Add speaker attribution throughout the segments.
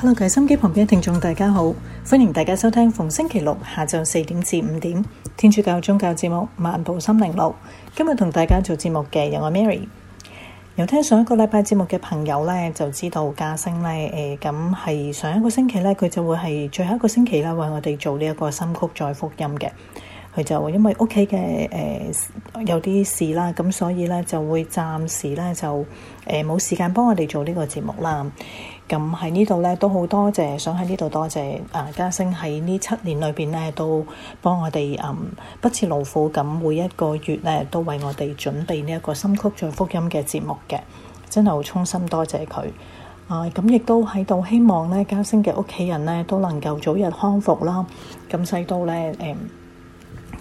Speaker 1: hello，各位心機旁邊嘅聽眾大家好，歡迎大家收聽逢星期六下晝四點至五點天主教宗教節目《漫步心靈路》。今日同大家做節目嘅有我 Mary。有聽上一個禮拜節目嘅朋友呢，就知道加生呢。誒、呃，咁係上一個星期呢，佢就會係最後一個星期啦，為我哋做呢一個新曲再福音嘅。佢就因為屋企嘅誒有啲事啦，咁所以呢，就會暫時呢，就誒冇、呃、時間幫我哋做呢個節目啦。咁喺、嗯、呢度咧都好多謝，想喺呢度多謝啊！嘉星喺呢七年裏邊咧都幫我哋、嗯、不辭勞苦，咁每一個月咧都為我哋準備呢一個深曲再福音嘅節目嘅，真係好衷心多謝佢啊！咁、嗯、亦都喺度希望咧嘉星嘅屋企人咧都能夠早日康復啦，咁使到咧誒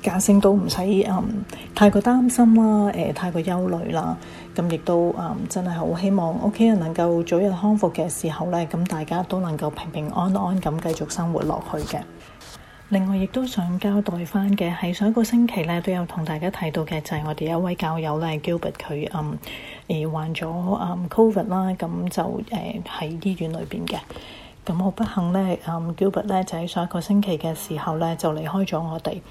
Speaker 1: 嘉星都唔使、嗯、太過擔心啦，誒、呃、太過憂慮啦。咁亦都、嗯、真係好希望屋企人能夠早日康復嘅時候呢，咁大家都能夠平平安安咁繼續生活落去嘅。另外，亦都想交代翻嘅喺上一個星期呢，都有同大家提到嘅就係、是、我哋一位教友呢，Gilbert 佢、嗯、呃、患咗、嗯、COVID 啦，咁、嗯、就誒喺、呃、醫院裏邊嘅。咁、嗯、好不幸呢、嗯、Gilbert 呢，就喺上一個星期嘅時候呢，就離開咗我哋。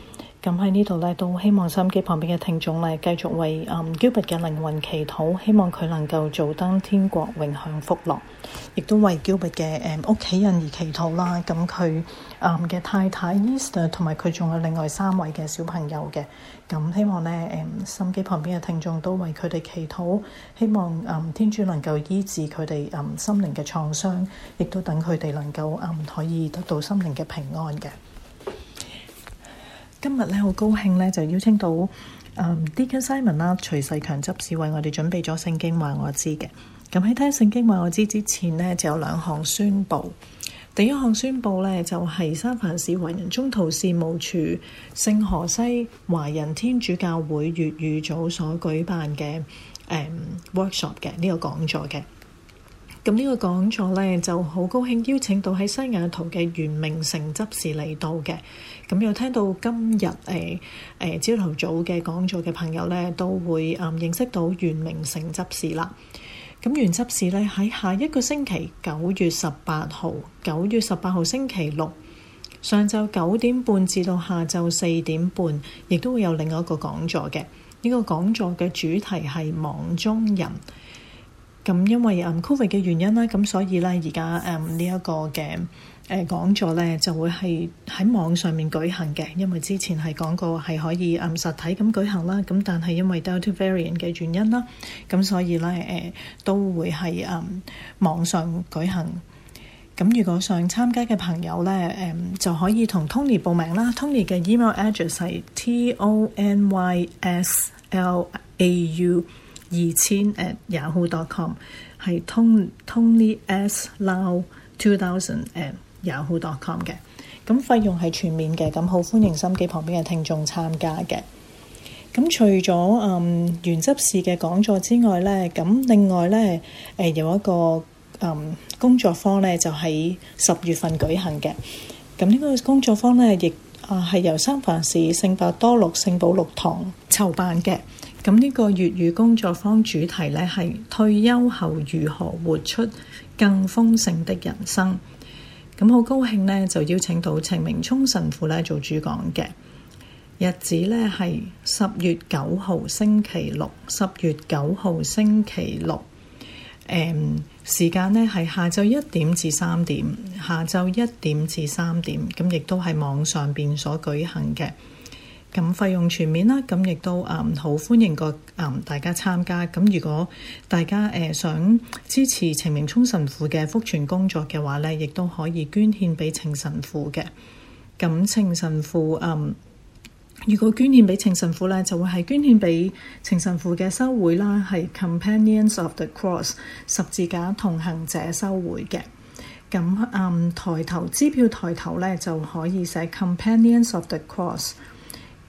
Speaker 1: 咁喺呢度咧，都希望收音機旁邊嘅聽眾咧，繼續為阿、嗯、Gilbert 嘅靈魂祈禱，希望佢能夠做登天國永享福樂，亦都為 Gilbert 嘅誒屋企人而祈禱啦。咁佢誒嘅太太 Easter 同埋佢仲有另外三位嘅小朋友嘅，咁希望咧，誒、嗯、收音機旁邊嘅聽眾都為佢哋祈禱，希望誒、嗯、天主能夠醫治佢哋誒心靈嘅創傷，亦都等佢哋能夠誒、嗯、可以得到心靈嘅平安嘅。今日咧好高興咧，就邀請到、嗯、Deacon Simon 啦，徐世強執事為我哋準備咗聖經話我知嘅。咁喺聽聖經話我知之前咧，就有兩項宣佈。第一項宣佈咧，就係、是、三藩市華人中途事務處聖荷西華人天主教會粵語組所舉辦嘅、嗯、workshop 嘅呢、這個講座嘅。咁呢個講座呢就好高興邀請到喺西雅圖嘅原名城執事嚟到嘅。咁又聽到今日誒誒朝頭早嘅講座嘅朋友呢，都會誒、嗯、認識到原名城執事啦。咁、嗯、原執事呢喺下一個星期九月十八號，九月十八號星期六上晝九點半至到下晝四點半，亦都會有另外一個講座嘅。呢、這個講座嘅主題係網中人。咁因為嗯 Covid 嘅原因咧，咁所以咧而家誒呢一個嘅誒講座咧就會係喺網上面舉行嘅，因為之前係講過係可以誒實體咁舉行啦，咁但係因為 Delta variant 嘅原因啦，咁所以咧誒都會係誒網上舉行。咁如果想參加嘅朋友咧誒就可以同 Tony 報名啦。Tony 嘅 email address 係 t o n y s l a u。二千 atyahoo.com 係 tonytonysnowtwo thousand atyahoo.com 嘅，咁 ton, 費用係全免嘅，咁好歡迎心機旁邊嘅聽眾參加嘅。咁除咗嗯原則事嘅講座之外咧，咁另外咧誒、呃、有一個嗯工作坊咧，就喺、是、十月份舉行嘅。咁呢個工作坊咧，亦啊係由三藩市聖伯多祿聖保祿堂籌辦嘅。咁呢個粵語工作坊主題呢，係退休後如何活出更豐盛的人生。咁好高興呢，就邀請到程明聰神父呢做主講嘅。日子呢，係十月九號星期六，十月九號星期六。誒、嗯，時間呢係下晝一點至三點，下晝一點至三點。咁亦都係網上邊所舉行嘅。咁費用全面啦，咁亦都嗯好歡迎個嗯大家參加。咁、嗯、如果大家誒、呃、想支持程明聰神父嘅福傳工作嘅話咧，亦都可以捐獻俾程神父嘅。咁程神父嗯，如果捐獻俾程神父咧，就會係捐獻俾程神父嘅修會啦，係 Companions of the Cross 十字架同行者修會嘅。咁嗯，抬頭支票抬頭咧就可以寫 Companions of the Cross。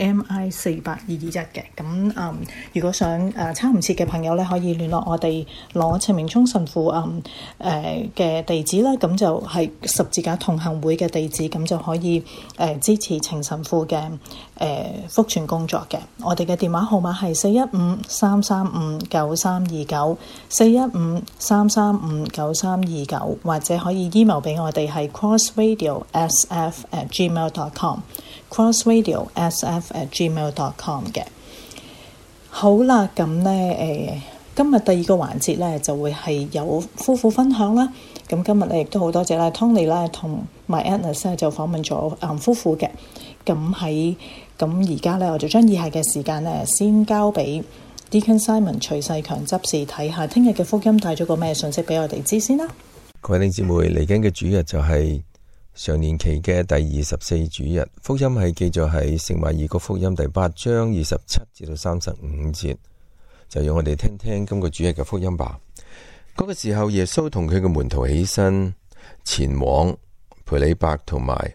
Speaker 1: M.I. 四八二二一嘅，咁嗯，如果想誒、呃、差唔切嘅朋友咧，可以聯絡我哋攞程明聰神父嗯誒嘅、呃、地址啦，咁就係十字架同行會嘅地址，咁就可以誒、呃、支持程神父嘅誒復傳工作嘅。我哋嘅電話號碼係四一五三三五九三二九四一五三三五九三二九，29, 29, 或者可以 email 俾我哋係 crossradio.sf@gmail.com。crossradio.sf@gmail.com dot 嘅好啦，咁咧誒，今日第二個環節咧就會係有夫婦分享啦。咁、嗯、今日咧亦都好多謝啦，Tony 啦同 My Anna 就訪問咗巖夫婦嘅。咁喺咁而家咧，我就將以下嘅時間咧先交俾 Deacon Simon 徐世強執事睇下，聽日嘅福音帶咗個咩信息俾我哋知先啦。
Speaker 2: 各位兄姊妹，嚟緊嘅主日就係、是、～.常年期嘅第二十四主日，福音係記載喺聖馬爾谷福音第八章二十七至到三十五節，就讓我哋聽聽今個主日嘅福音吧。嗰個時候，耶穌同佢嘅門徒起身前往培里伯同埋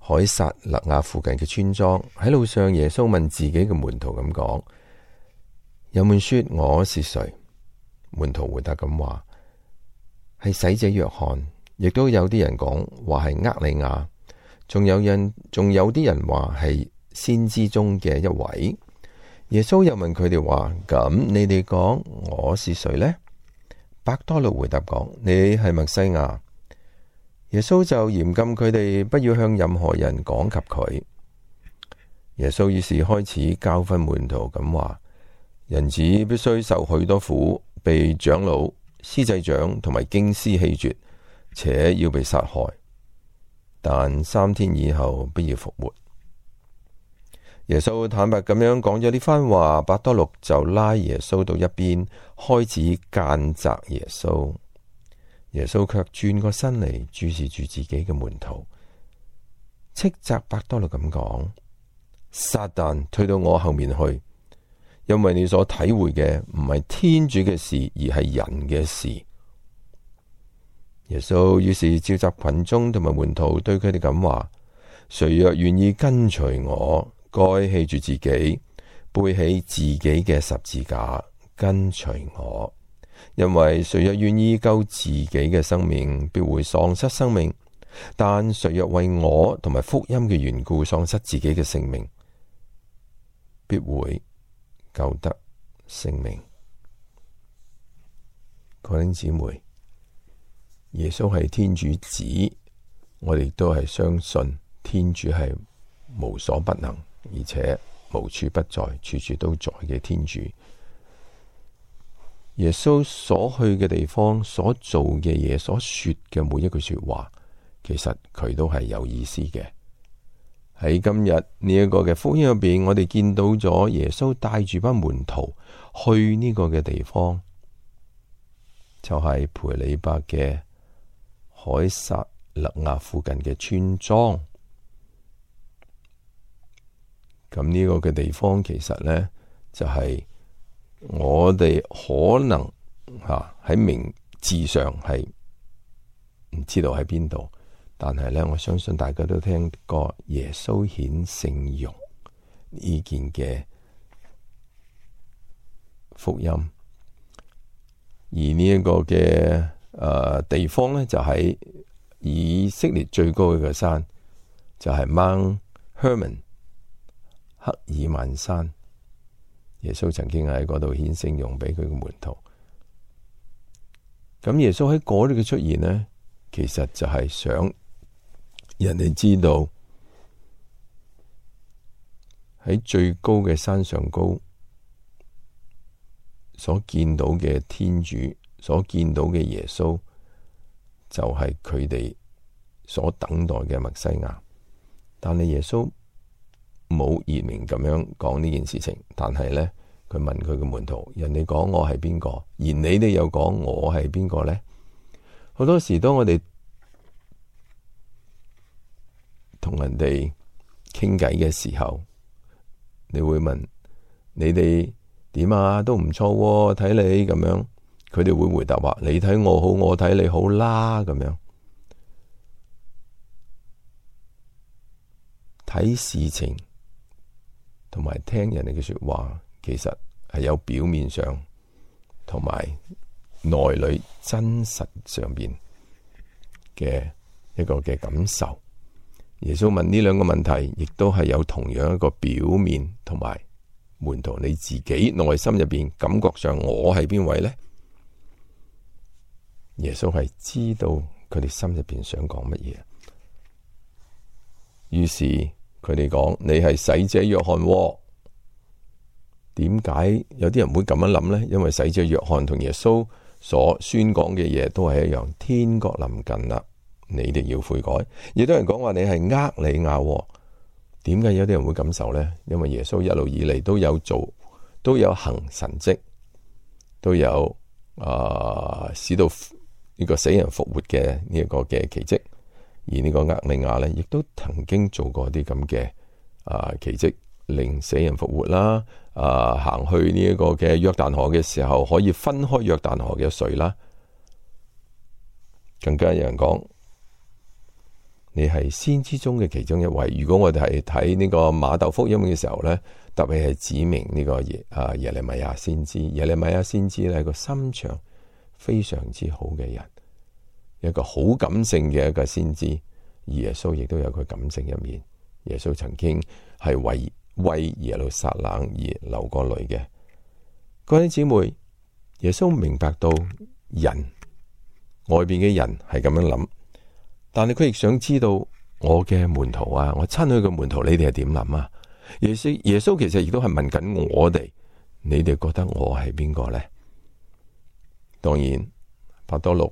Speaker 2: 凱撒勒亞附近嘅村莊。喺路上，耶穌問自己嘅門徒咁講：人們說我是誰？門徒回答咁話：係洗者約翰。亦都有啲人講話係厄里亞，仲有人仲有啲人話係先知中嘅一位。耶穌又問佢哋話：咁你哋講我是誰呢？伯多祿回答講：你係默西亞。耶穌就嚴禁佢哋不要向任何人講及佢。耶穌於是開始教訓門徒咁話：人子必須受許多苦，被長老、司祭長同埋經師棄絕，且要被殺害，但三天以後必要復活。耶穌坦白咁樣講咗呢番話，伯多禄就拉耶穌到一邊，開始間責耶穌。耶穌卻轉個身嚟，注視住自己嘅門徒，斥責伯多禄咁講：撒旦退到我後面去，因為你所體會嘅唔係天主嘅事，而係人嘅事。耶穌於是召集群眾同埋門徒對，對佢哋咁話：誰若願意跟隨我，該棄住自己，背起自己嘅十字架跟隨我。因為誰若願意救自己嘅生命，必會喪失生命；但誰若為我同埋福音嘅緣故喪失自己嘅性命，必會救得性命。各兄姊妹。耶穌係天主子，我哋都係相信天主係無所不能，而且無處不在，處處都在嘅天主。耶穌所去嘅地方，所做嘅嘢，所說嘅每一句說話，其實佢都係有意思嘅。喺今日呢一個嘅福音入邊，我哋見到咗耶穌帶住班門徒去呢個嘅地方，就係培里伯嘅。凱撒勒亞附近嘅村莊，咁呢個嘅地方其實呢，就係、是、我哋可能吓喺名字上係唔知道喺邊度，但係呢，我相信大家都聽過耶穌顯聖容呢件嘅福音，而呢一個嘅。誒，uh, 地方呢，就喺以色列最高嘅山，就係 Mount Hermon 黑爾曼山。耶穌曾經喺嗰度顯聖容畀佢嘅門徒。咁耶穌喺嗰度嘅出現呢，其實就係想人哋知道喺最高嘅山上高所見到嘅天主。所見到嘅耶穌就係佢哋所等待嘅默西亞，但係耶穌冇言明咁樣講呢件事情。但係呢，佢問佢嘅門徒：人哋講我係邊個？而你哋又講我係邊個呢？好多時，當我哋同人哋傾偈嘅時候，你會問你哋點啊？都唔錯喎，啊，睇你咁樣。佢哋會回答話：你睇我好，我睇你好啦，咁樣睇事情同埋聽人哋嘅說話，其實係有表面上同埋內裏真實上邊嘅一個嘅感受。耶穌問呢兩個問題，亦都係有同樣一個表面同埋門徒。你自己內心入邊感覺上，我係邊位呢？耶穌係知道佢哋心入邊想講乜嘢，於是佢哋講：你係施洗約翰。哦，點解有啲人會咁樣諗呢？因為施洗約翰同耶穌所宣講嘅嘢都係一樣，天國臨近啦，你哋要悔改。亦都有人講話你係厄利亞。哦，點解有啲人會感受呢？因為耶穌一路以嚟都有做，都有行神蹟，都有啊使到。呢個死人復活嘅呢一個嘅奇蹟，而呢個厄利亞呢亦都曾經做過啲咁嘅啊奇蹟，令死人復活啦，啊、呃、行去呢一個嘅約旦河嘅時候，可以分開約旦河嘅水啦。更加有人講，你係先知中嘅其中一位。如果我哋係睇呢個馬竇福音嘅時候呢，特別係指明呢個耶啊耶利米亞先知，耶利米亞先知呢、這個心腸。非常之好嘅人，一個好感性嘅一個先知。耶穌亦都有佢感性一面。耶穌曾經係為為耶路撒冷而流過淚嘅。各位姊妹，耶穌明白到人外邊嘅人係咁樣諗，但係佢亦想知道我嘅門徒啊，我親去嘅門徒，你哋係點諗啊？耶穌耶穌其實亦都係問緊我哋，你哋覺得我係邊個咧？當然，伯多禄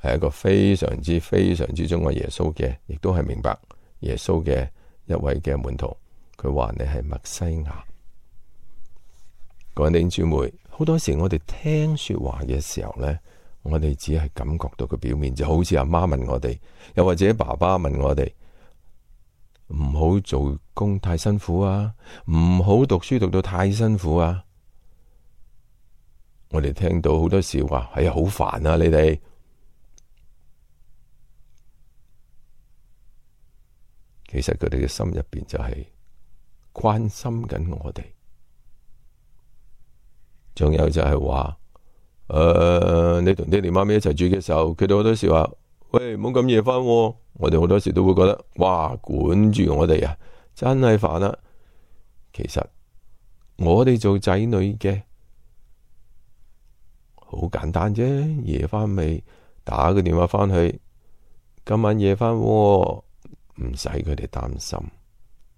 Speaker 2: 係一個非常之、非常之鍾愛耶穌嘅，亦都係明白耶穌嘅一位嘅門徒。佢話，你係墨西亞。各位弟兄姊妹，好多時我哋聽說話嘅時候咧，我哋只係感覺到佢表面，就好似阿媽問我哋，又或者爸爸問我哋，唔好做工太辛苦啊，唔好讀書讀到太辛苦啊。我哋聽到好多時話，哎呀，好煩啊！你哋其實佢哋嘅心入邊就係關心緊我哋，仲有就係話，誒、呃，你同爹哋媽咪一齊住嘅時候，佢哋好多時話，喂，唔好咁夜翻。我哋好多時都會覺得，哇，管住我哋啊，真係煩啦，啊。其實我哋做仔女嘅。好簡單啫，夜翻未？打個電話翻去，今晚夜翻喎，唔使佢哋擔心。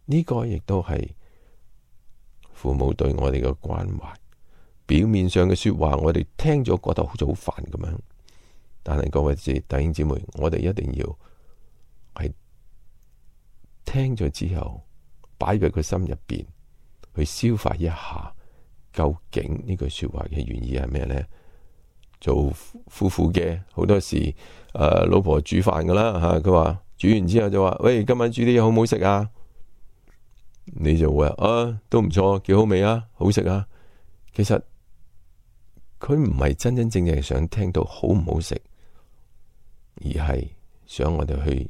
Speaker 2: 呢個亦都係父母對我哋嘅關懷。表面上嘅說話，我哋聽咗覺得好似好煩咁樣。但係各位弟兄姊妹，我哋一定要係聽咗之後擺喺佢心入邊去消化一下，究竟呢句說話嘅原意係咩呢？做夫婦嘅好多時，誒、呃，老婆煮飯噶啦吓，佢、啊、話煮完之後就話，喂，今晚煮啲嘢好唔好食啊？你就話，啊，都唔錯，幾好味啊，好食啊。其實佢唔係真真正正想聽到好唔好食，而係想我哋去。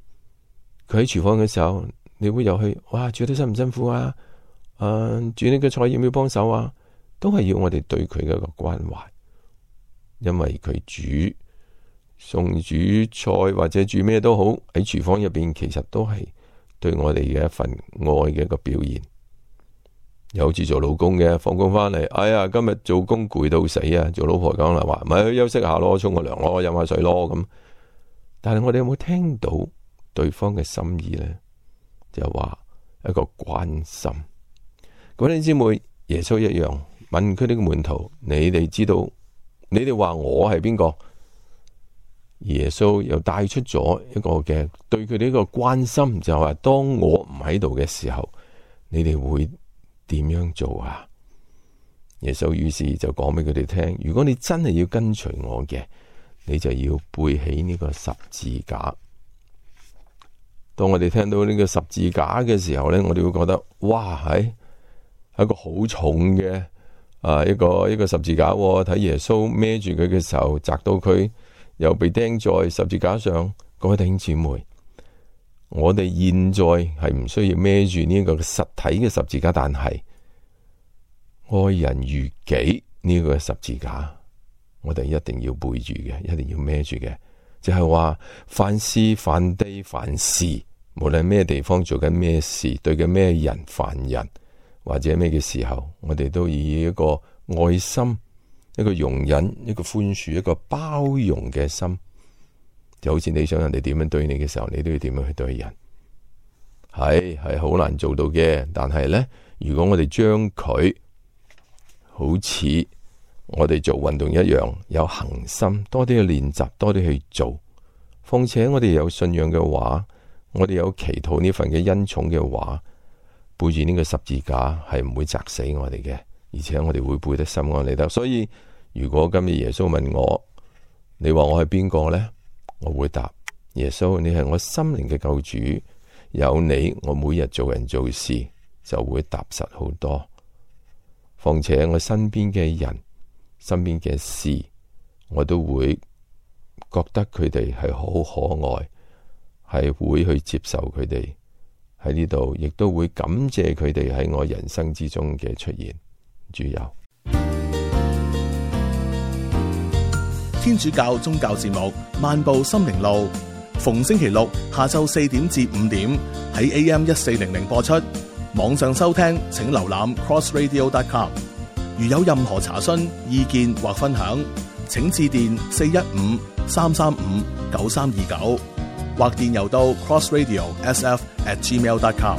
Speaker 2: 佢喺廚房嘅時候，你會又去，哇，煮得辛唔辛苦啊？誒、啊，煮呢個菜要唔要幫手啊？都係要我哋對佢嘅一個關懷。因為佢煮、餸、煮菜或者煮咩都好，喺廚房入邊其實都係對我哋嘅一份愛嘅一個表現。有次做老公嘅放工返嚟，哎呀，今日做工攰到死啊！做老婆講啦，話咪去休息下咯，沖個涼咯，飲下水咯咁。但係我哋有冇聽到對方嘅心意呢？就話、係、一個關心。各位姊妹，耶穌一樣問佢呢個門徒：，你哋知道？你哋話我係邊個？耶穌又帶出咗一個嘅對佢哋一個關心，就係話當我唔喺度嘅時候，你哋會點樣做啊？耶穌於是就講俾佢哋聽：，如果你真係要跟隨我嘅，你就要背起呢個十字架。當我哋聽到呢個十字架嘅時候咧，我哋會覺得：，哇，係一個好重嘅。啊！一個一個十字架，睇、哦、耶穌孭住佢嘅時候，砸到佢，又被釘在十字架上，各位弟兄姊妹。我哋現在係唔需要孭住呢一個實體嘅十字架，但係愛人如己呢個十字架，我哋一定要背住嘅，一定要孭住嘅，就係話反思、反低反思，無論咩地方做緊咩事，對緊咩人犯人。或者咩嘅時候，我哋都以一個愛心、一個容忍、一個寬恕、一個包容嘅心，就好似你想人哋點樣對你嘅時候，你都要點樣去對人。係，係好難做到嘅，但係咧，如果我哋將佢好似我哋做運動一樣，有恆心，多啲去練習，多啲去做。況且我哋有信仰嘅話，我哋有祈禱呢份嘅恩寵嘅話。背住呢個十字架係唔會砸死我哋嘅，而且我哋會背得心安理得。所以如果今日耶穌問我，你話我係邊個呢？我會答耶穌，你係我心靈嘅救主。有你，我每日做人做事就會踏實好多。況且我身邊嘅人、身邊嘅事，我都會覺得佢哋係好可愛，係會去接受佢哋。喺呢度，亦都會感謝佢哋喺我人
Speaker 3: 生之中嘅出現。主佑，天主教宗教節目《漫步心靈路》，逢星期六下晝四點至五點喺 AM 一四零零播出。網上收聽請瀏覽 crossradio.com。如有任何查詢、意見或分享，請致電四一五三三五九三二九。或電郵到 crossradio_sf@gmail.com。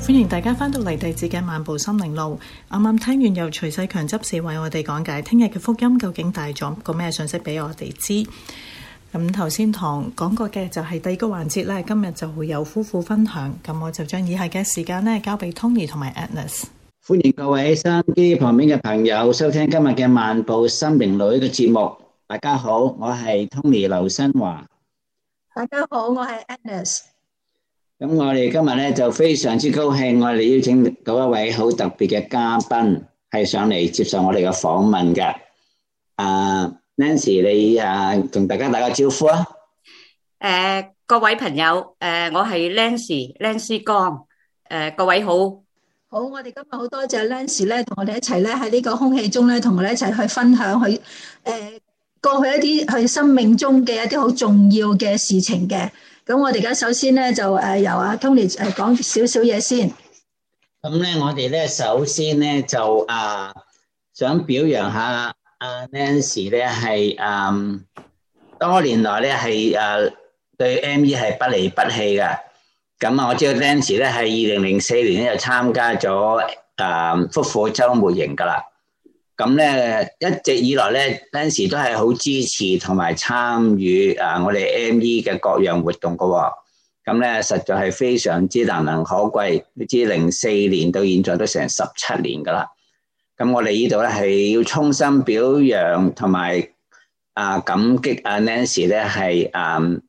Speaker 3: 歡
Speaker 1: 迎大家返到嚟地子嘅漫步心靈路。啱啱聽完由徐世強執事為我哋講解，聽日嘅福音究竟帶咗個咩信息俾我哋知？咁頭先堂講過嘅就係第二個環節咧，今日就會有夫婦分享。咁我就將以下嘅時間咧交俾 Tony 同埋 Agnes。
Speaker 4: 歡迎各位收音機旁邊嘅朋友收聽今日嘅漫步生命女嘅節目。大家好，我係 Tony 劉新華。
Speaker 5: 大家好，我係 Annis。
Speaker 4: 咁我哋今日咧就非常之高興，我哋邀請到一位好特別嘅嘉賓係上嚟接受我哋嘅訪問嘅。啊，Nancy 你啊同大家打個招呼啊。
Speaker 6: 誒，各位朋友，誒，我係 Nancy，Nancy 江。誒，各位好。
Speaker 5: 好，我哋今日好多謝 Lens 咧，同我哋一齊咧喺呢個空氣中咧，同我哋一齊去分享去誒過去一啲去生命中嘅一啲好重要嘅事情嘅。咁我哋而家首先咧就誒由阿 Tony 誒講少少嘢先。
Speaker 4: 咁咧，我哋咧首先咧就啊想表揚下阿 Lens 咧係誒多年來咧係誒對 ME 係不離不棄㗎。咁啊，我知道 Nancy 咧，係二零零四年咧就參加咗誒夫婦週末營噶啦。咁咧一直以來咧，Nancy 都係好支持同埋參與誒我哋 ME 嘅各樣活動噶。咁咧實在係非常之難能可貴。你知零四年到現在都成十七年噶啦。咁我哋呢度咧係要衷心表揚同埋啊感激啊 Nancy 咧係誒。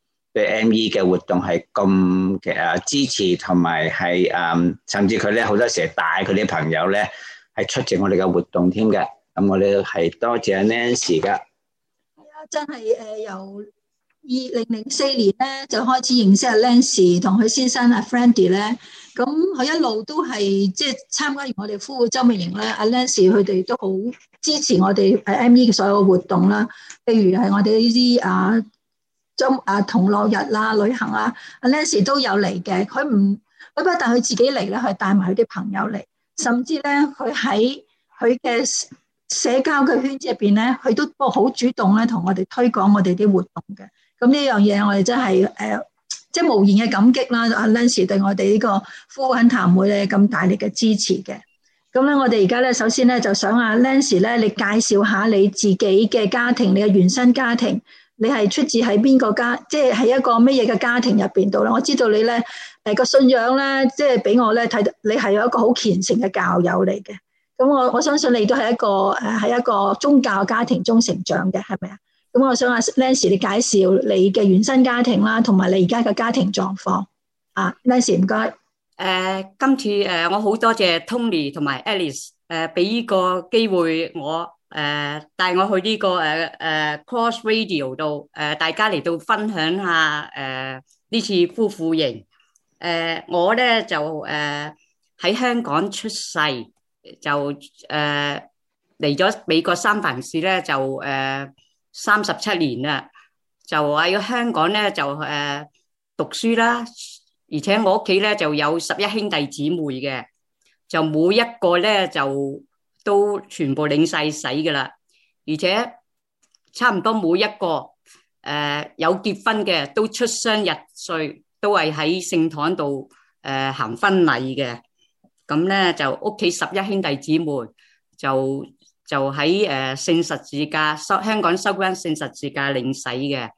Speaker 4: ME 嘅活動係咁嘅啊，支持同埋係啊，甚至佢咧好多時帶佢啲朋友咧係出席我哋嘅活動添嘅。咁我哋係多謝阿、啊、Nancy 噶，
Speaker 5: 係啊、 嗯，真係誒，由二零零四年咧就開始認識阿、啊、Lancy 同佢先生阿 Friendy 咧，咁佢一路都係即係參加完我哋夫婦周美玲啦，阿、 啊、Lancy 佢哋都好支持我哋誒 ME 嘅所有嘅活動啦。譬如係我哋呢啲啊。 啊，同樂日啦、啊，旅行啦、啊，阿 Lancy 都有嚟嘅。佢唔佢不但佢自己嚟咧，佢帶埋佢啲朋友嚟。甚至咧，佢喺佢嘅社交嘅圈子入邊咧，佢都好主動咧，同我哋推廣我哋啲活動嘅。咁呢樣嘢我哋真係誒、呃，即係無言嘅感激啦。阿 Lancy、啊、 對我哋呢個 full talk 會咧咁大力嘅支持嘅。咁咧，我哋而家咧，首先咧就想阿 Lancy 咧，Nancy，你介紹下你自己嘅家庭，你嘅原生家庭。你係出自喺邊個家，即係喺一個乜嘢嘅家庭入邊度咧？我知道你咧，誒個信仰咧，即係俾我咧睇到你係有一個好虔誠嘅教友嚟嘅。咁我我相信你都係一個誒喺一個宗教家庭中成長嘅，係咪啊？咁我想阿 Lance 你介紹你嘅原生家庭啦，同埋你而家嘅家庭狀況。啊，Lance 唔該。
Speaker 6: 誒、呃，今次誒、呃、我好多謝 Tony 同埋 Alice 誒、呃、俾呢個機會我。誒、帶、uh, 我去呢、這個誒誒、uh, uh, Cross Radio 度，誒、uh, 大家嚟到分享下誒呢、uh, 次夫婦營。誒、uh, 我咧就誒喺、uh, 香港出世，就誒嚟咗美國三藩市咧就誒三十七年啦，就喺、uh, 香港咧就誒、uh, 讀書啦，而且我屋企咧就有十一兄弟姊妹嘅，就每一個咧就。都全部領曬洗㗎啦，而且差唔多每一個誒有結婚嘅都出生入歲，都係喺聖堂度誒行婚禮嘅。咁咧就屋企十一兄弟姊妹就就喺誒聖十字架，收香港收翻聖十字架領洗嘅。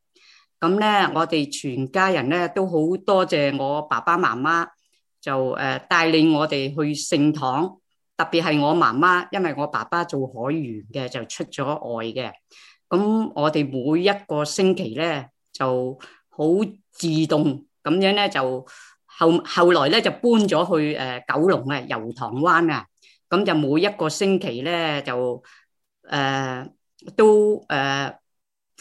Speaker 6: 咁咧我哋全家人咧都好多謝我爸爸媽媽，就誒帶領我哋去聖堂。特別係我媽媽，因為我爸爸做海員嘅，就出咗外嘅。咁我哋每一個星期咧，就好自動咁樣咧，就後後來咧就搬咗去誒九龍啊，油塘灣啊。咁就每一個星期咧，就誒都誒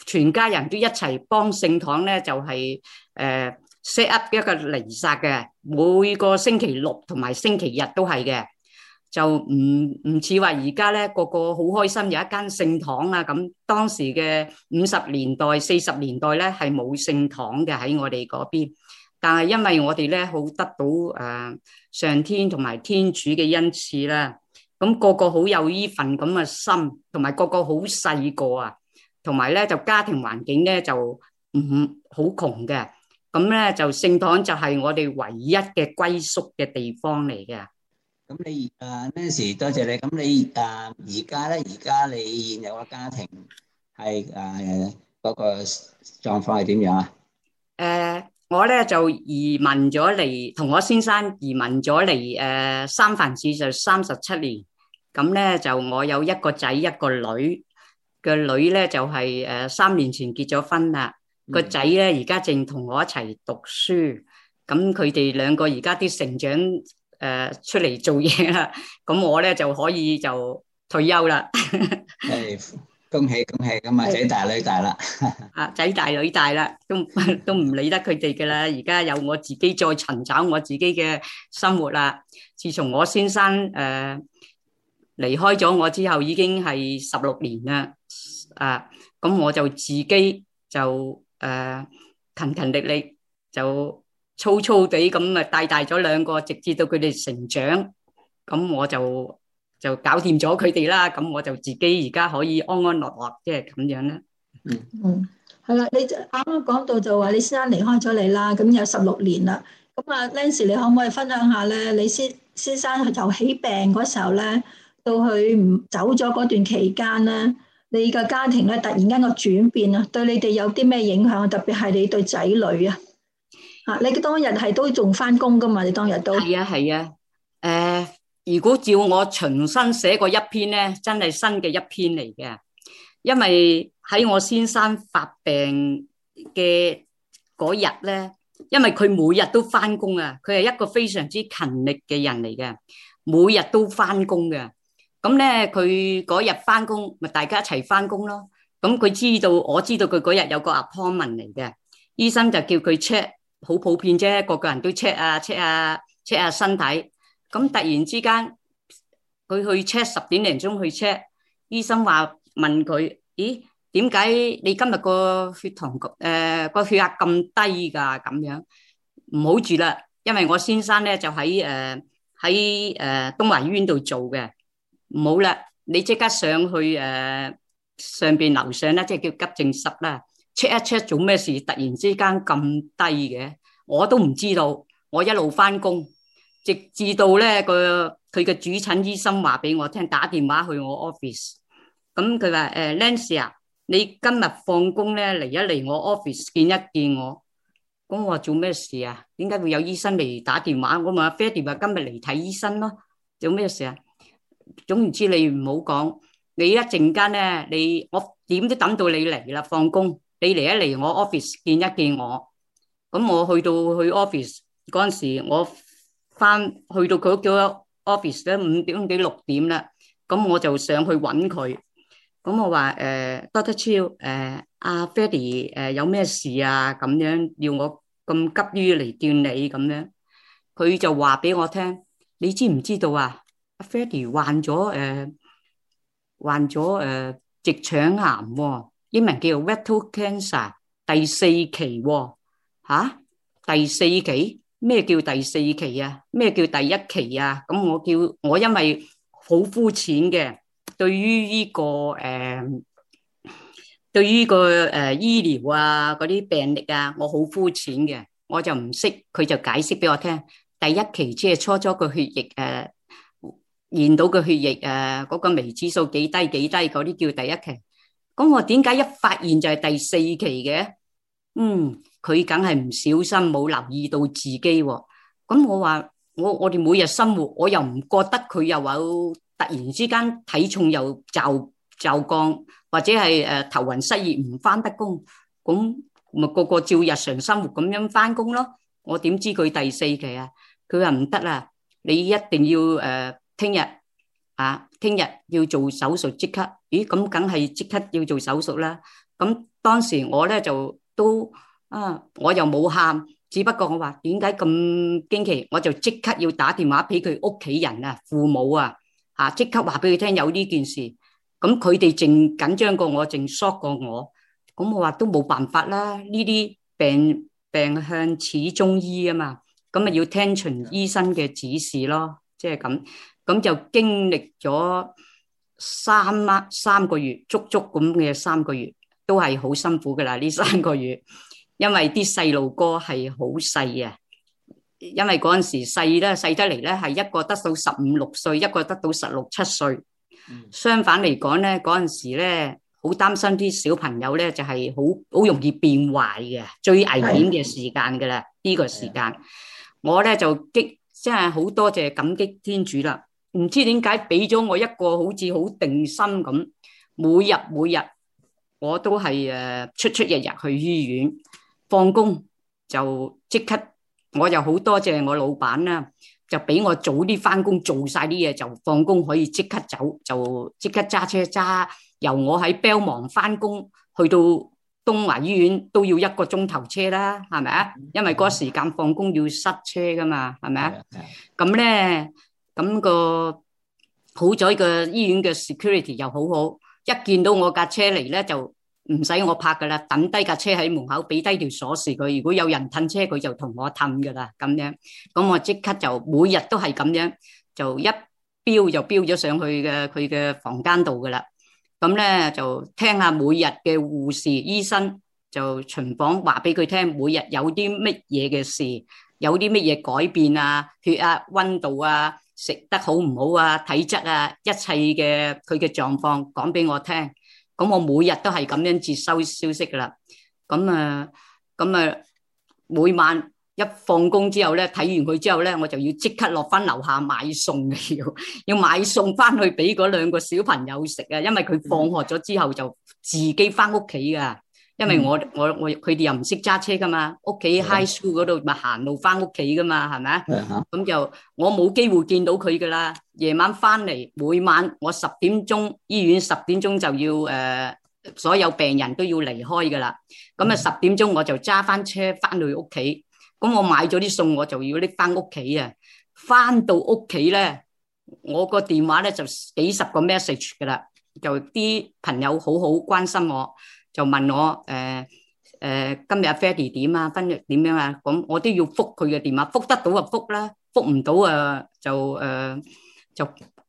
Speaker 6: 全家人都一齊幫聖堂咧，就係誒 set up 一個彌撒嘅，每個星期六同埋星期日都係嘅。就唔唔似話而家咧，個個好開心，有一間聖堂啊。咁當時嘅五十年代，四十年代咧，係冇聖堂嘅喺我哋嗰邊。但係因為我哋咧，好得到誒、呃、上天同埋天主嘅恩賜啦，咁、那個個好有依份咁嘅心，同埋個個好細個啊，同埋咧就家庭環境咧就唔好窮嘅，咁咧就聖堂就係我哋唯一嘅歸宿嘅地方嚟嘅。
Speaker 4: 咁你啊，Nancy，多謝你。咁你啊，而家咧，而家你現有個家庭係誒嗰個狀況係點樣啊？
Speaker 6: 誒，我咧就移民咗嚟，同我先生移民咗嚟誒三藩市就三十七年。咁咧就我有一個仔一個女，個女咧就係誒三年前結咗婚啦。個仔咧而家正同我一齊讀書。咁佢哋兩個而家啲成長。誒，出嚟做嘢啦，咁我咧就可以就退休啦。係、
Speaker 4: hey，恭喜恭喜，咁啊，仔大女大啦。
Speaker 6: 啊，仔大女大啦，都都唔理得佢哋噶啦，而家有我自己再尋找我自己嘅生活啦。自從我先生誒、呃、離開咗我之後，已經係十六年啦。啊，咁我就自己就誒、呃、勤勤力力就。粗粗地咁啊，帶大咗兩個，直至到佢哋成長，咁我就就搞掂咗佢哋啦。咁我就自己而家可以安安樂樂，即係咁樣啦。嗯嗯，
Speaker 5: 係啦，你啱啱講到就話你先生離開咗你啦，咁有十六年啦。咁啊，Len`s 你可唔可以分享下咧？你先先生由起病嗰時候咧，到佢走咗嗰段期間咧，你嘅家庭咧突然間個轉變啊，對你哋有啲咩影響啊？特別係你對仔女啊？啊！你
Speaker 6: 當日係都仲翻工噶嘛？你當日都係啊，係啊，誒，如果照我重新寫過一篇咧，真係新嘅一篇嚟嘅，因為喺我先生發病嘅嗰日咧，因為佢每日都翻工啊，佢係一個非常之勤力嘅人嚟嘅，每日都翻工嘅。咁咧，佢嗰日翻工咪大家一齊翻工咯。咁佢知道，我知道佢嗰日有個 appointment 嚟嘅，醫生就叫佢 check。好普遍啫，個個人都 check 啊 check 啊 check 啊身體。咁突然之間，佢去 check 十點零鐘去 check，醫生話問佢：咦，點解你今日個血糖咁？誒，個血壓咁低噶？咁樣唔好住啦，因為我先生咧就喺誒喺誒東華醫院度做嘅。唔好啦，你即刻上去誒上邊樓上啦，即係叫急症室啦。check 一 check 做咩事？突然之間咁低嘅，我都唔知道。我一路翻工，直至到咧個佢嘅主診醫生話俾我聽，打電話去我 office。咁佢話誒，Lancy，你今日放工咧嚟一嚟我 office 見一見我。咁我話做咩事啊？點解會有醫生嚟打電話？我問阿 Fred 話今日嚟睇醫生咯，做咩事啊？總言之，你唔好講。你一陣間咧，你我點都等到你嚟啦，放工。你嚟一嚟我 office 見一見我，咁我去到去 office 嗰陣時，我翻去到佢屋企 office 咧五點幾六點啦，咁我就上去揾佢。咁我話誒，Doctor 超誒阿 Freddy 誒有咩事啊？咁樣要我咁急於嚟見你咁樣，佢就話俾我聽，你知唔知道啊？阿 Freddy 患咗誒患咗誒直腸癌喎。英文叫 vital cancer，第四期喎。嚇？第四期？咩叫第四期啊？咩叫第一期啊？咁我叫我因為好膚淺嘅，對於呢個誒，對於個誒醫療啊嗰啲病歷啊，我好膚淺嘅，我就唔識。佢就解釋俾我聽，第一期即係初初個血液誒驗到個血液誒嗰個微指數幾低幾低嗰啲叫第一期。咁我點解一發現就係第四期嘅？嗯，佢梗係唔小心冇留意到自己。咁我話我我哋每日生活，我又唔覺得佢又有突然之間體重又驟驟降，或者係誒頭暈失業，唔翻得工。咁咪個個照日常生活咁樣翻工咯。我點知佢第四期啊？佢話唔得啦，你一定要誒聽日啊。聽日要做手術即刻，咦，咁梗係即刻要做手術啦。咁當時我咧就都啊，我又冇喊，只不過我話點解咁驚奇，我就即刻要打電話俾佢屋企人啊，父母啊，吓即刻話俾佢聽有呢件事。咁佢哋仲緊張過我，仲 shock 過我。咁我話都冇辦法啦，呢啲病病向始中醫啊嘛，咁咪要聽循醫生嘅指示咯，即係咁。咁就經歷咗三啊三個月，足足咁嘅三個月，都係好辛苦噶啦！呢三個月，因為啲細路哥係好細啊，因為嗰陣時細咧細得嚟咧，係一個得到十五六歲，一個得到十六七歲。相反嚟講咧，嗰陣時咧，好擔心啲小朋友咧，就係好好容易變壞嘅，最危險嘅時間噶啦，呢個時間，我咧就激，真係好多謝感激天主啦。唔知點解俾咗我一個好似好定心咁，每日每日我都係誒出出入入去醫院，放工就即刻，我就好多謝我老闆啦,就俾我早啲翻工，做晒啲嘢，就放工可以即刻走，就即刻揸車揸。由我喺 Belmont 翻工去到東華醫院都要一個鐘頭車啦，係咪啊？因為嗰個時間放工要塞車噶嘛，係咪啊？咁咧。咁個好彩個醫院嘅 security 又好好，一見到我架車嚟咧，就唔使我拍噶啦，等低架車喺門口，俾低條鎖匙佢。如果有人褪車，佢就同我褪噶啦。咁樣，咁我即刻就每日都係咁樣，就一標就標咗上去嘅佢嘅房間度噶啦。咁咧就聽下每日嘅護士、醫生就巡房話俾佢聽，每日有啲乜嘢嘅事，有啲乜嘢改變啊，血壓、溫度啊。食得好唔好啊？體質啊，一切嘅佢嘅狀況講俾我聽。咁我每日都係咁樣接收消息㗎啦。咁啊，咁啊，每晚一放工之後咧，睇完佢之後咧，我就要即刻落翻樓下買餸，要要買餸翻去俾嗰兩個小朋友食啊。因為佢放學咗之後就自己翻屋企啊。因為我、嗯、我我佢哋又唔識揸車噶嘛，屋企 high school 嗰度咪行路翻屋企噶嘛，係咪？咁就我冇機會見到佢噶啦。夜晚翻嚟，每晚我十點鐘醫院十點鐘就要誒、呃，所有病人都要離開噶啦。咁啊十點鐘我就揸翻車翻到去屋企。咁、嗯、我買咗啲餸，我就要拎翻屋企啊。翻到屋企咧，我個電話咧就幾十個 message 噶啦，就啲朋友好好關心我。就問我誒誒今日阿 Fady 點啊，今日點樣啊？咁我都要複佢嘅電話，複得到就複啦，複唔到啊就誒就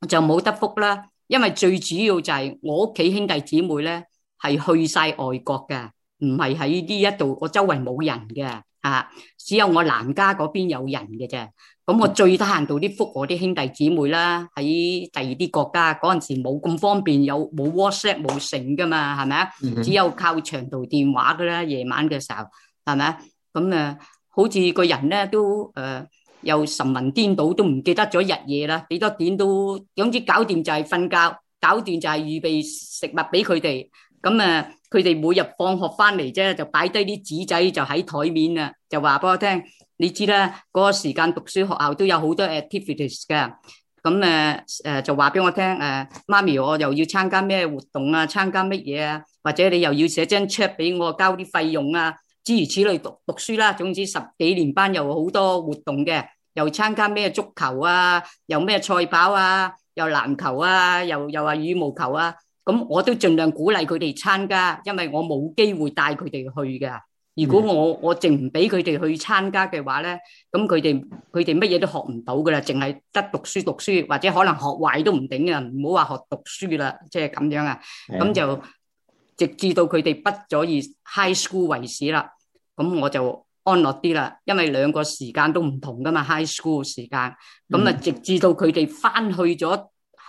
Speaker 6: 就冇得複啦。因為最主要就係我屋企兄弟姊妹咧係去晒外國嘅，唔係喺呢一度，我周圍冇人嘅啊，只有我男家嗰邊有人嘅啫。咁我最得閒到啲福我啲兄弟姊妹啦，喺第二啲國家嗰陣時冇咁方便，有冇 WhatsApp 冇成噶嘛，係咪啊？Mm hmm. 只有靠長途電話噶啦，夜晚嘅時候係咪啊？咁啊，好似個人咧都誒、呃、又神魂顛倒，都唔記得咗日夜啦，幾多點都總之搞掂就係瞓覺，搞掂就係預備食物俾佢哋。咁啊，佢哋每日放學翻嚟啫，就擺低啲紙仔就喺台面啊，就話俾我聽。你知啦，嗰個時間讀書學校都有好多 activities 嘅，咁誒誒就話俾我聽誒，媽咪我又要參加咩活動啊，參加乜嘢啊？或者你又要寫張 check 俾我交啲費用啊？諸如此類，讀讀書啦，總之十幾年班又好多活動嘅，又參加咩足球啊，又咩賽跑啊，又籃球啊，又又話羽毛球啊，咁我都盡量鼓勵佢哋參加，因為我冇機會帶佢哋去㗎。如果我我淨唔俾佢哋去參加嘅話咧，咁佢哋佢哋乜嘢都學唔到噶啦，淨係得讀書讀書，或者可能學壞都唔定啊！唔好話學讀書啦，即係咁樣啊。咁就直至到佢哋畢咗業，high school 為止啦。咁我就安樂啲啦，因為兩個時間都唔同噶嘛，high school 時間。咁啊，直至到佢哋翻去咗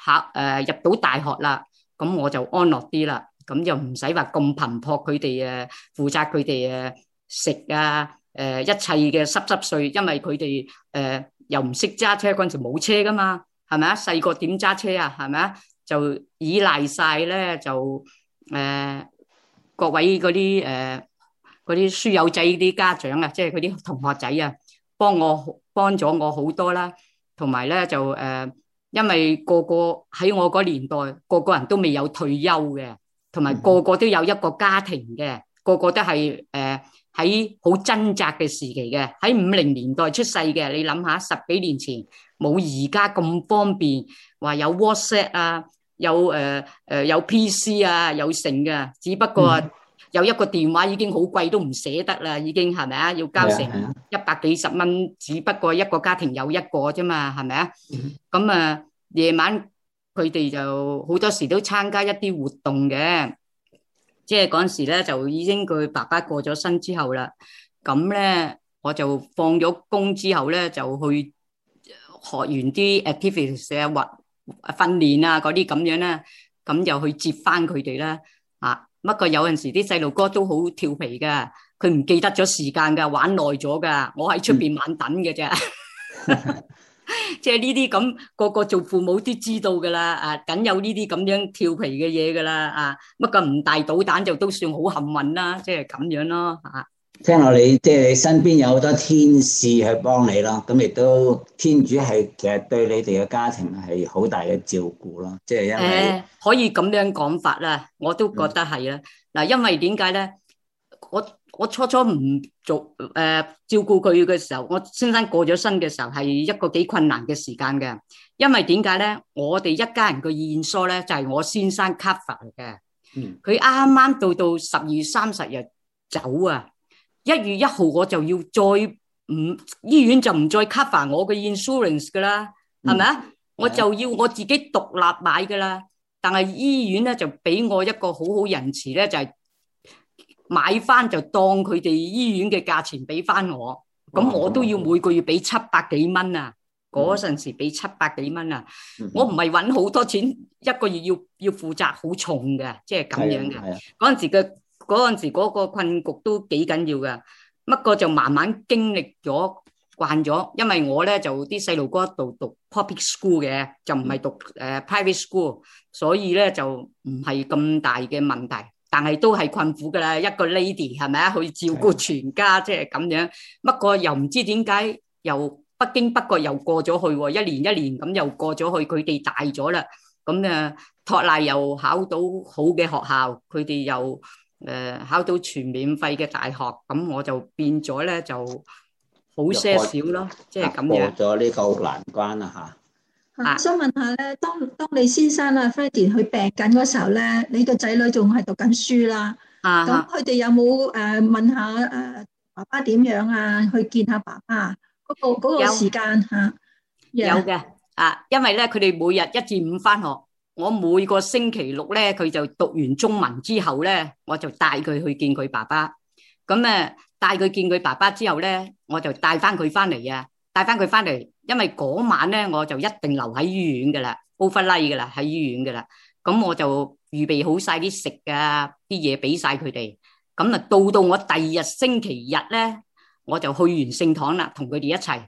Speaker 6: 考誒入到大學啦，咁我就安樂啲啦。咁又唔使話咁頻撲佢哋誒，負責佢哋誒食啊誒一切嘅濕濕碎，因為佢哋誒又唔識揸車嗰陣時冇車㗎嘛，係咪啊？細個點揸車啊？係咪啊？就依賴曬咧，就誒各位嗰啲誒嗰啲書友仔啲家長啊，即係佢啲同學仔啊，幫我幫咗我好多啦，同埋咧就誒，因為個個喺我嗰年代，個個人都未有退休嘅。同埋個個都有一個家庭嘅，個個都係誒喺好掙扎嘅時期嘅，喺五零年代出世嘅。你諗下，十幾年前冇而家咁方便，話有 WhatsApp 啊，有誒誒、呃呃、有 PC 啊，有成嘅。只不過有一個電話已經好貴，都唔捨得啦，已經係咪啊？要交成一百幾十蚊。只不過一個家庭有一個啫嘛，係咪啊？咁啊、呃，夜晚。佢哋就好多時都參加一啲活動嘅，即係嗰陣時咧就已經佢爸爸過咗身之後啦。咁咧，我就放咗工之後咧就去學完啲 activities 啊或訓練啊嗰啲咁樣咧，咁又去接翻佢哋啦。啊，不過有陣時啲細路哥都好調皮噶，佢唔記得咗時間噶，玩耐咗噶，我喺出邊猛等嘅啫。即係呢啲咁個個做父母都知道噶啦，啊，梗有呢啲咁樣調皮嘅嘢噶啦，啊，乜咁唔大搗蛋就都算好幸運啦，即係咁樣咯，吓。
Speaker 4: 聽落你即係你身邊有好多天使去幫你咯，咁亦都天主係其實對你哋嘅家庭係好大嘅照顧咯，即係因為
Speaker 6: 可以咁樣講法啦，我都覺得係啊，嗱，因為點解咧？我初初唔做誒、呃、照顧佢嘅時候，我先生過咗身嘅時候，係一個幾困難嘅時間嘅，因為點解咧？我哋一家人嘅 insurance 咧就係、是、我先生 cover 嘅，佢啱啱到到十二月三十日走啊，一月一號我就要再唔醫院就唔再 cover 我嘅 insurance 噶啦，係咪啊？嗯、我就要我自己獨立買噶啦，但係醫院咧就俾我一個好好仁慈咧就係、是。買翻就當佢哋醫院嘅價錢俾翻我，咁哇我都要每個月俾七百幾蚊啊！嗰陣、嗯、時俾七百幾蚊啊！嗯、我唔係揾好多錢，一個月要要負責好重嘅，即係咁樣嘅。嗰陣時嘅嗰陣時個困局都幾緊要嘅，不過就慢慢經歷咗慣咗，因為我咧就啲細路哥度讀 public school 嘅，就唔係讀誒 private school，所以咧就唔係咁大嘅問題。但係都係困苦噶啦，一個 lady 係咪啊去照顧全家，即係咁樣。不過又唔知點解又不經不覺又過咗去，一年一年咁又過咗去。佢哋大咗啦，咁啊托賴又考到好嘅學校，佢哋又誒、呃、考到全免費嘅大學，咁我就變咗咧就
Speaker 4: 好些少咯，即係咁樣。過咗呢個難關啦吓。
Speaker 6: 我、
Speaker 5: 啊啊、想問下咧，當當你先生啊 Freddie 佢病緊嗰時候咧，你個仔女仲係讀緊書啦。
Speaker 6: 咁
Speaker 5: 佢哋有冇誒問下誒爸爸點樣啊？去見下爸爸嗰、嗰個嗰、嗰個時間吓？有
Speaker 6: 嘅啊，啊，因為咧佢哋每日一至五翻學，我每個星期六咧，佢就讀完中文之後咧，我就帶佢去見佢爸爸。咁誒帶佢見佢爸爸之後咧，我就帶翻佢翻嚟啊，帶翻佢翻嚟。因為嗰晚咧，我就一定留喺醫院噶啦，overlie 噶啦，喺醫院噶啦。咁我就預備好晒啲食啊，啲嘢俾晒佢哋。咁啊，到到我第二日星期日咧，我就去完聖堂啦，同佢哋一齊。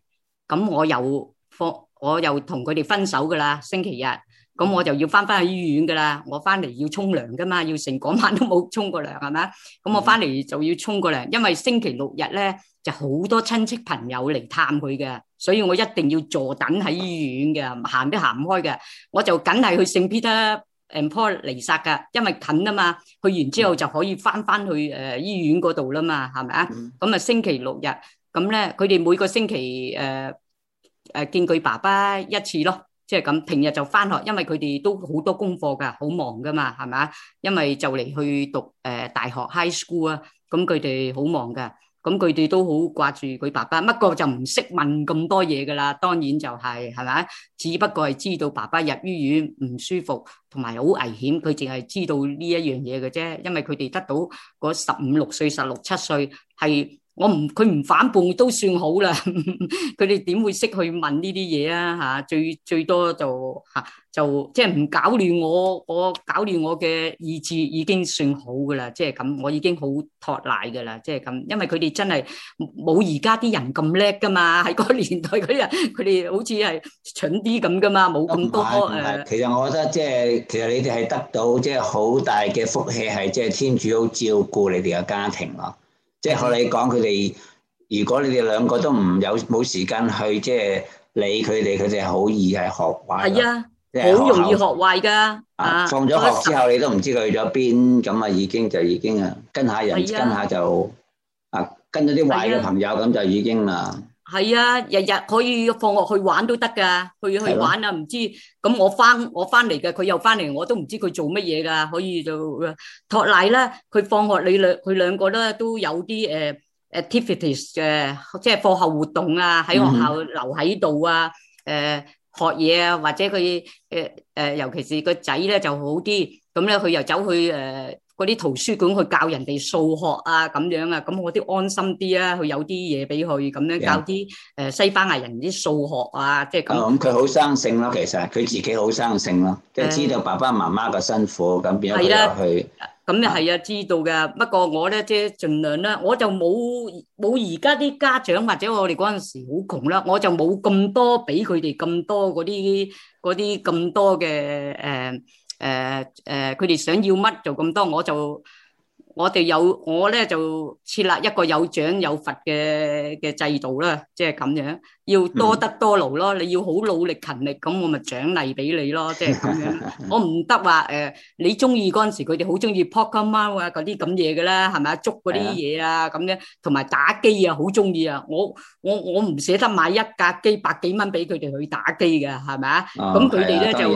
Speaker 6: 咁我又放，我又同佢哋分手噶啦，星期日。咁我就要翻翻去醫院噶啦，我翻嚟要沖涼噶嘛，要成嗰晚都冇沖過涼係咪啊，咁我翻嚟就要沖過涼，因為星期六日咧就好多親戚朋友嚟探佢嘅，所以我一定要坐等喺醫院嘅，行都行唔開嘅，我就梗係去聖彼得誒坡尼撒噶，因為近啊嘛，去完之後就可以翻翻去誒醫院嗰度啦嘛，係咪啊？咁啊、嗯、星期六日，咁咧佢哋每個星期誒誒、呃呃、見佢爸爸一次咯。即係咁，平日就翻學，因為佢哋都好多功課噶，好忙噶嘛，係咪？因為就嚟去讀誒大學 high school 啊，咁佢哋好忙噶，咁佢哋都好掛住佢爸爸，乜個就唔識問咁多嘢噶啦，當然就係係咪？只不過係知道爸爸入醫院唔舒服，同埋好危險，佢淨係知道呢一樣嘢嘅啫，因為佢哋得到嗰十五六歲十六七歲係。我唔佢唔反叛都算好啦，佢哋點會識去問呢啲嘢啊？吓最最多就吓、啊、就即係唔搞亂我我搞亂我嘅意志已經算好噶啦，即係咁我已經好托賴噶啦，即係咁。因為佢哋真係冇而家啲人咁叻噶嘛，喺嗰年代啲人佢哋好似係蠢啲咁噶嘛，冇咁多誒。啊、
Speaker 4: 其實我覺得即係其實你哋係得到即係好大嘅福氣，係即係天主好照顧你哋嘅家庭咯、啊。即係你講佢哋，如果你哋兩個都唔有冇時間去，即係理佢哋，佢哋好易係學壞。係啊，好容易學
Speaker 6: 壞㗎。啊，放
Speaker 4: 咗學之後、啊、你都唔知佢去咗邊，咁啊已經就已經啊跟下人，的跟下就啊的跟咗啲壞嘅朋友，咁的就已經啦。
Speaker 6: 係啊，日日可以放學去玩都得噶，去去玩啊！唔知咁的、嗯、我翻我翻嚟嘅，佢又翻嚟，我都唔知佢做乜嘢噶。可以就托賴啦。佢放學你兩佢兩個咧都有啲誒 activities 嘅，uh, uh, 即係課後活動啊，喺學校留喺度啊，誒、嗯呃、學嘢啊，或者佢誒誒，尤其是個仔咧就好啲，咁咧佢又走去誒。Uh, 嗰啲圖書館去教人哋數學啊，咁樣啊，咁我都安心啲啊，佢有啲嘢俾佢咁樣教啲誒西班牙人啲數學啊，即、就、係、是。哦、嗯，咁
Speaker 4: 佢好生性咯，其實佢自己好生性咯，即係、嗯、知道爸爸媽媽嘅辛苦，咁變咗入去。咁
Speaker 6: 又係啊，知道㗎。不過我咧即係盡量啦，我就冇冇而家啲家長或者我哋嗰陣時好窮啦，我就冇咁多俾佢哋咁多嗰啲啲咁多嘅誒。嗯誒誒，佢哋、呃呃、想要乜就咁多，我就我哋有我咧就設立一個有獎有罰嘅嘅制度啦，即係咁樣，要多得多勞咯，你要好努力勤力，咁我咪獎勵俾你咯，即係咁樣。我唔得話誒，你中意嗰陣時，佢哋好中意 Pokemon 啊嗰啲咁嘢噶啦，係咪啊捉嗰啲嘢啊咁咧，同埋打機啊好中意啊，是啊我我我唔捨得買一架機百幾蚊俾佢哋去打機噶，係咪、哦、啊？咁佢哋咧就。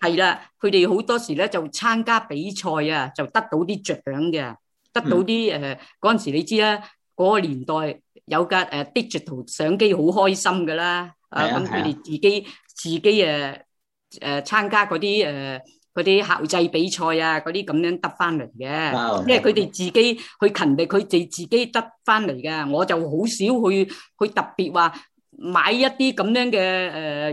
Speaker 6: 係啦，佢哋好多時咧就參加比賽啊，就得到啲獎嘅，
Speaker 1: 得到啲
Speaker 6: 誒嗰陣時你知啦，嗰、嗰個年代有架誒 digital 相機好開心噶啦，的啊咁佢哋自己的自己誒誒參加嗰啲誒嗰啲校際比賽啊，嗰啲咁樣得翻嚟嘅。哦、因為佢哋自己去勤力，佢哋自己得翻嚟嘅。我就好少去去特別話。買一啲咁樣嘅誒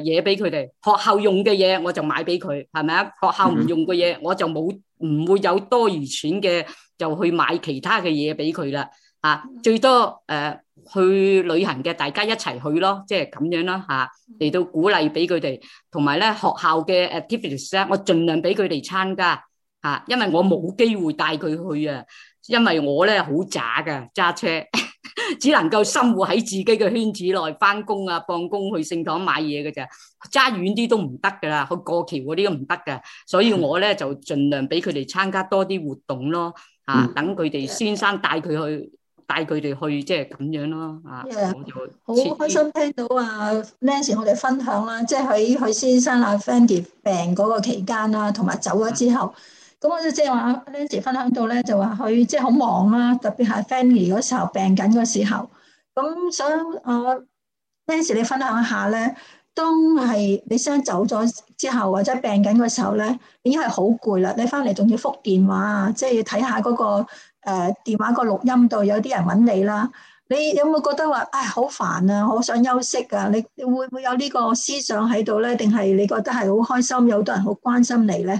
Speaker 6: 嘢，俾佢哋，學校用嘅嘢，我就買俾佢，係咪啊？學校唔用嘅嘢我就冇，唔會有多餘錢嘅就去買其他嘅嘢俾佢啦。啊，最多誒、呃、去旅行嘅，大家一齊去咯，即係咁樣啦。吓、啊、嚟到鼓勵俾佢哋，同埋咧學校嘅 a c t 我盡量俾佢哋參加。吓，因為我冇機會帶佢去啊，因為我咧好渣噶揸車。 只能夠生活喺自己嘅圈子內，翻工啊，放工去聖堂買嘢嘅咋，揸遠啲都唔得噶啦，去過橋嗰啲都唔得㗎，所以我咧就盡量俾佢哋參加多啲活動咯，啊，等佢哋先生帶佢去，帶佢哋去，即係咁樣咯，啊 Yeah, 就，好開
Speaker 5: 心聽到啊 Nancy 我哋分享啦，即係喺佢先生阿 Fandy 病嗰個期間啦，同埋走咗之後。 咁我就即係話 Lancy 分享到咧，就話佢即係好忙啦，特別係 Fanny 嗰時候病緊嗰時候，咁想啊 Lancy 你分享一下咧，當係你先走咗之後或者病緊嘅時候咧，已經係好攰啦，你翻嚟仲要覆電話啊，即係要睇下嗰個誒電話個錄音度有啲人揾你啦。你有冇覺得話唉好煩啊，好想休息啊？你會唔會有呢個思想喺度咧？定係你覺得係好開心，有好多人好關心你咧？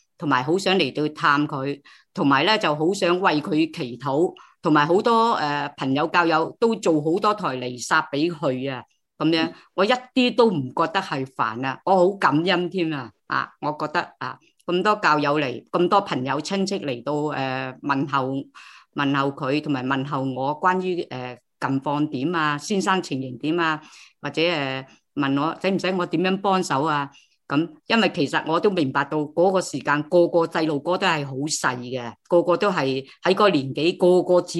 Speaker 6: 同埋好想嚟到探佢，同埋咧就好想為佢祈禱，同埋好多誒、呃、朋友教友都做好多台彌撒俾佢啊！咁、嗯、樣我一啲都唔覺得係煩啊！我好感恩添啊！啊，我覺得啊，咁多教友嚟，咁多朋友親戚嚟到誒、呃、問候問候佢，同埋問候我關於誒、呃、近況點啊，先生情形點啊，或者誒、呃、問我使唔使我點樣幫手啊？咁，因為其實我都明白到嗰個時間，個個細路哥都係好細嘅，個個都係喺個年紀，個個只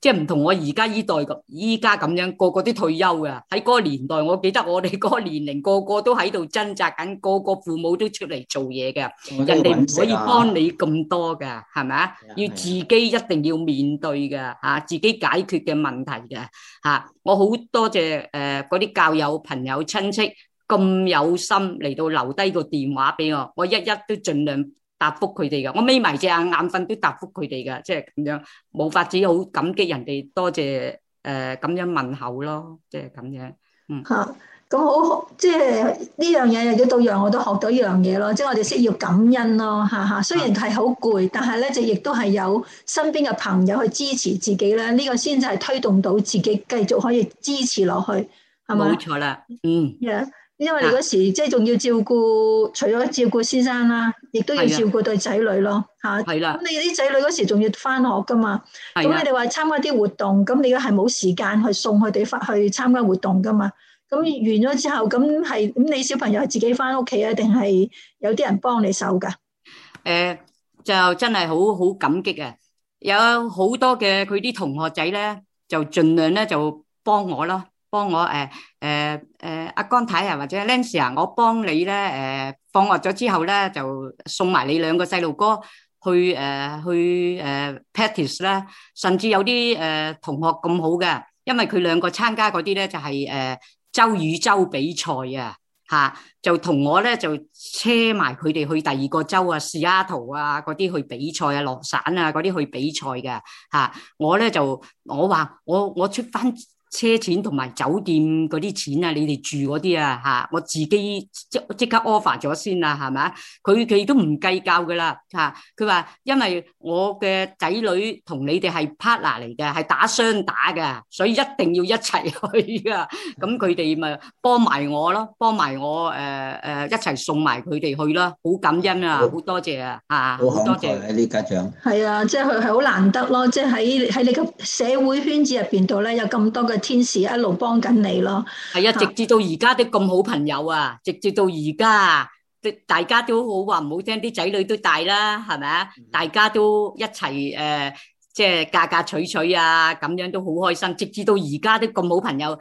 Speaker 6: 即係唔同我而家依代咁，依家咁樣個個都退休噶。喺嗰個年代，我記得我哋嗰個年齡，個個都喺度掙扎緊，個個父母都出嚟做嘢嘅，都人哋唔可以幫你咁多嘅，係咪啊？要自己一定要面對嘅嚇、啊，自己解決嘅問題嘅嚇、啊。我好多謝誒嗰啲教友、朋友、親戚。咁有心嚟到留低個電話俾我，我一一都盡量答覆佢哋噶，我眯埋隻眼眼瞓都答覆佢哋噶，即係咁樣，冇法子，好感激人哋，多謝誒，咁、呃、樣問候咯，即係咁樣，嗯
Speaker 5: 吓，咁、啊、好，即係呢樣嘢，亦都到讓我都學到一樣嘢咯，即係我哋需要感恩咯，吓吓，雖然係好攰，是但係咧就亦都係有身邊嘅朋友去支持自己咧，呢、這個先至係推動到自己繼續可以支持落去，係咪？冇錯啦，嗯，yeah. 因為你嗰時即係仲要照顧，啊、除咗照顧先生啦，亦都要照顧對仔女咯，吓的。係啦、啊。咁你啲仔女嗰時仲要翻學噶嘛？咁的你哋話參加啲活動，咁你係冇時間去送佢哋翻去參加活動噶嘛？咁完咗之後，咁係咁你小朋友係自己翻屋企啊，定係
Speaker 6: 有啲人幫你手噶？誒、呃，就真係好好感激啊！有好多嘅佢啲同學仔咧，就盡量咧就幫我咯。幫我誒誒誒阿江太，太啊，或者 Lancy 啊，我幫你咧誒、呃、放學咗之後咧，就送埋你兩個細路哥去誒、呃、去誒、呃、practice 咧，甚至有啲誒、呃、同學咁好嘅，因為佢兩個參加嗰啲咧就係、是、誒、呃、州與州比賽啊，嚇就同我咧就車埋佢哋去第二個州啊，西雅圖啊嗰啲去比賽啊，洛杉啊嗰啲去比賽嘅嚇，我咧就我話我我，我出翻。車錢同埋酒店嗰啲錢啊，你哋住嗰啲啊嚇，我自己即即刻 offer 咗先啦，係咪啊？佢佢都唔計較㗎啦嚇，佢話因為我嘅仔女同你哋係 partner 嚟嘅，係打雙打㗎，所以一定要一齊去啊！咁佢哋咪幫埋我咯，幫埋我誒誒、呃、一齊送埋佢哋去咯，好感恩啊，好多謝啊嚇，好多謝呢啲家長。係啊，即
Speaker 4: 係佢
Speaker 5: 係好難得咯，即係喺喺你個社會圈子入邊度咧，有咁多嘅。天使一路幫緊你咯，
Speaker 6: 係啊！直至到而家啲咁好朋友啊！直至到而家，啲大家都好話唔好聽，啲仔女都大啦，係咪啊？大家都一齊誒，即係嫁嫁娶娶啊，咁樣都好開心。直至到而家啲咁好朋友。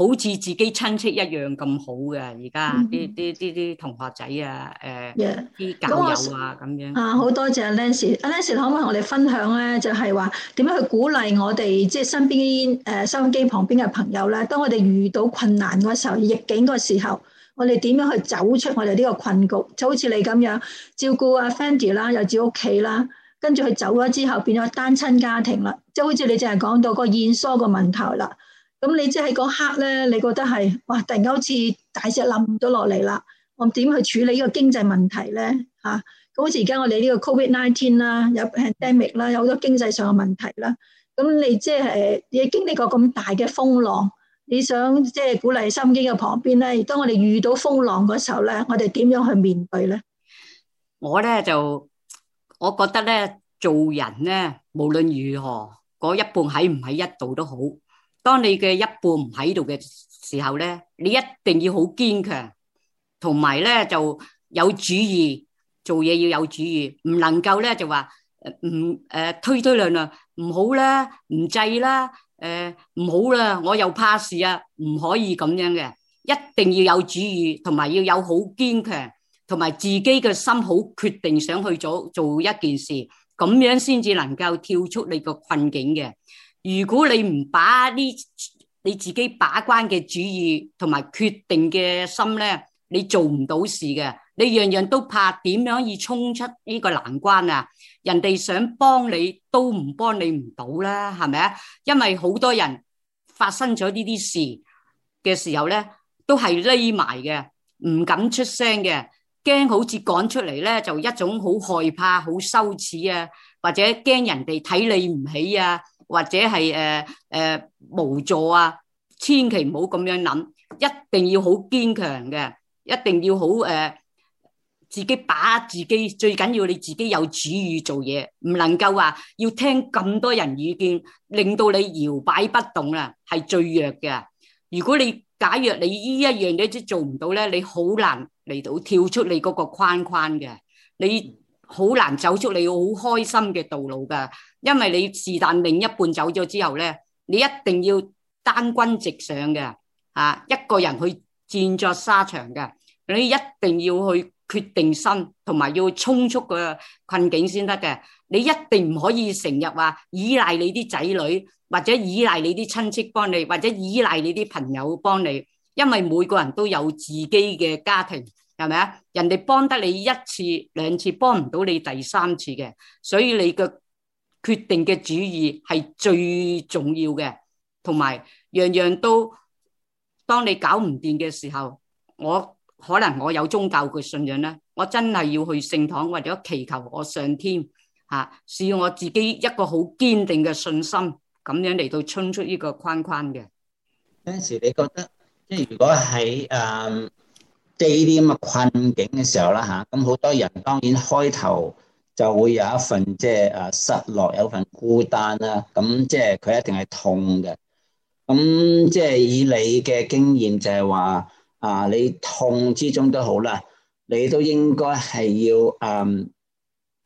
Speaker 6: 好似自己親戚一樣咁好嘅，而家啲啲啲啲同學仔啊，誒、呃、啲 Yeah. 教友啊咁我
Speaker 5: 樣啊，好多謝阿 Nancy 阿 Nancy 可唔可以同我哋分享咧？就係話點樣去鼓勵我哋即係身邊誒收音機旁邊嘅朋友咧？當我哋遇到困難嗰時候、逆境嗰時候，我哋點樣去走出我哋呢個困局？就好似你咁樣照顧阿 Fendi 啦，又住屋企啦，跟住佢走咗之後變咗單親家庭啦，即係好似你淨係講到個燕梳個問題啦。咁你即係嗰刻咧，你覺得係哇！突然間好似大石冧咗落嚟啦，我點去處理呢個經濟問題咧？嚇！咁好似而家我哋呢個 Covid Nineteen 啦，有 Pandemic 啦，有好多經濟上嘅問題啦。咁你即係你經歷過咁大嘅風浪，你想即係鼓勵心機嘅旁邊咧？當我哋遇到風浪嗰時候咧，我哋點樣去
Speaker 6: 面對咧？我咧就，我覺得咧，做人咧，無論如何，嗰一半喺唔喺一度都好。當你嘅一半唔喺度嘅時候咧，你一定要好堅強，同埋咧就有主意，做嘢要有主意，唔能夠咧就話唔誒推推量量，唔好啦，唔制啦，誒唔好啦，我又怕事啊，唔可以咁樣嘅，一定要有主意，同埋要有好堅強，同埋自己嘅心好決定想去做做一件事，咁樣先至能夠跳出你個困境嘅。如果你唔把呢你自己把關嘅主意同埋決定嘅心咧，你做唔到事嘅。你樣樣都怕，點樣可以衝出呢個難關啊？人哋想幫你都唔幫你唔到啦，係咪啊？因為好多人發生咗呢啲事嘅時候咧，都係匿埋嘅，唔敢出聲嘅，驚好似講出嚟咧就一種好害怕、好羞恥啊，或者驚人哋睇你唔起啊。或者係誒誒無助啊，千祈唔好咁樣諗，一定要好堅強嘅，一定要好誒、呃、自己把握自己，最緊要你自己有主意做嘢，唔能夠話、啊、要聽咁多人意見，令到你搖擺不動啦、啊，係最弱嘅。如果你假若你呢一樣嘢都做唔到咧，你好難嚟到跳出你嗰個框框嘅，你。好難走出嚟好開心嘅道路噶，因為你是但另一半走咗之後咧，你一定要單軍直上嘅，啊，一個人去戰作沙場嘅，你一定要去決定心，同埋要衝出個困境先得嘅。你一定唔可以成日話依賴你啲仔女，或者依賴你啲親戚幫你，或者依賴你啲朋友幫你，因為每個人都有自己嘅家庭。係咪啊？人哋幫得你一次兩次，幫唔到你第三次嘅，所以你嘅決定嘅主意係最重要嘅，同埋樣樣都當你搞唔掂嘅時候，我可能我有宗教嘅信仰呢，我真係要去聖堂為咗祈求我上天吓、啊，使我自己一個好堅定嘅信心，咁樣嚟到衝出呢個框框嘅。有
Speaker 4: 陣時你覺得，即係如果喺誒？Um, 即係呢啲咁嘅困境嘅時候啦嚇，咁好多人當然開頭就會有一份即係啊失落，有份孤單啦，咁即係佢一定係痛嘅。咁即係以你嘅經驗就係話啊，你痛之中都好啦，你都應該係要啊、嗯、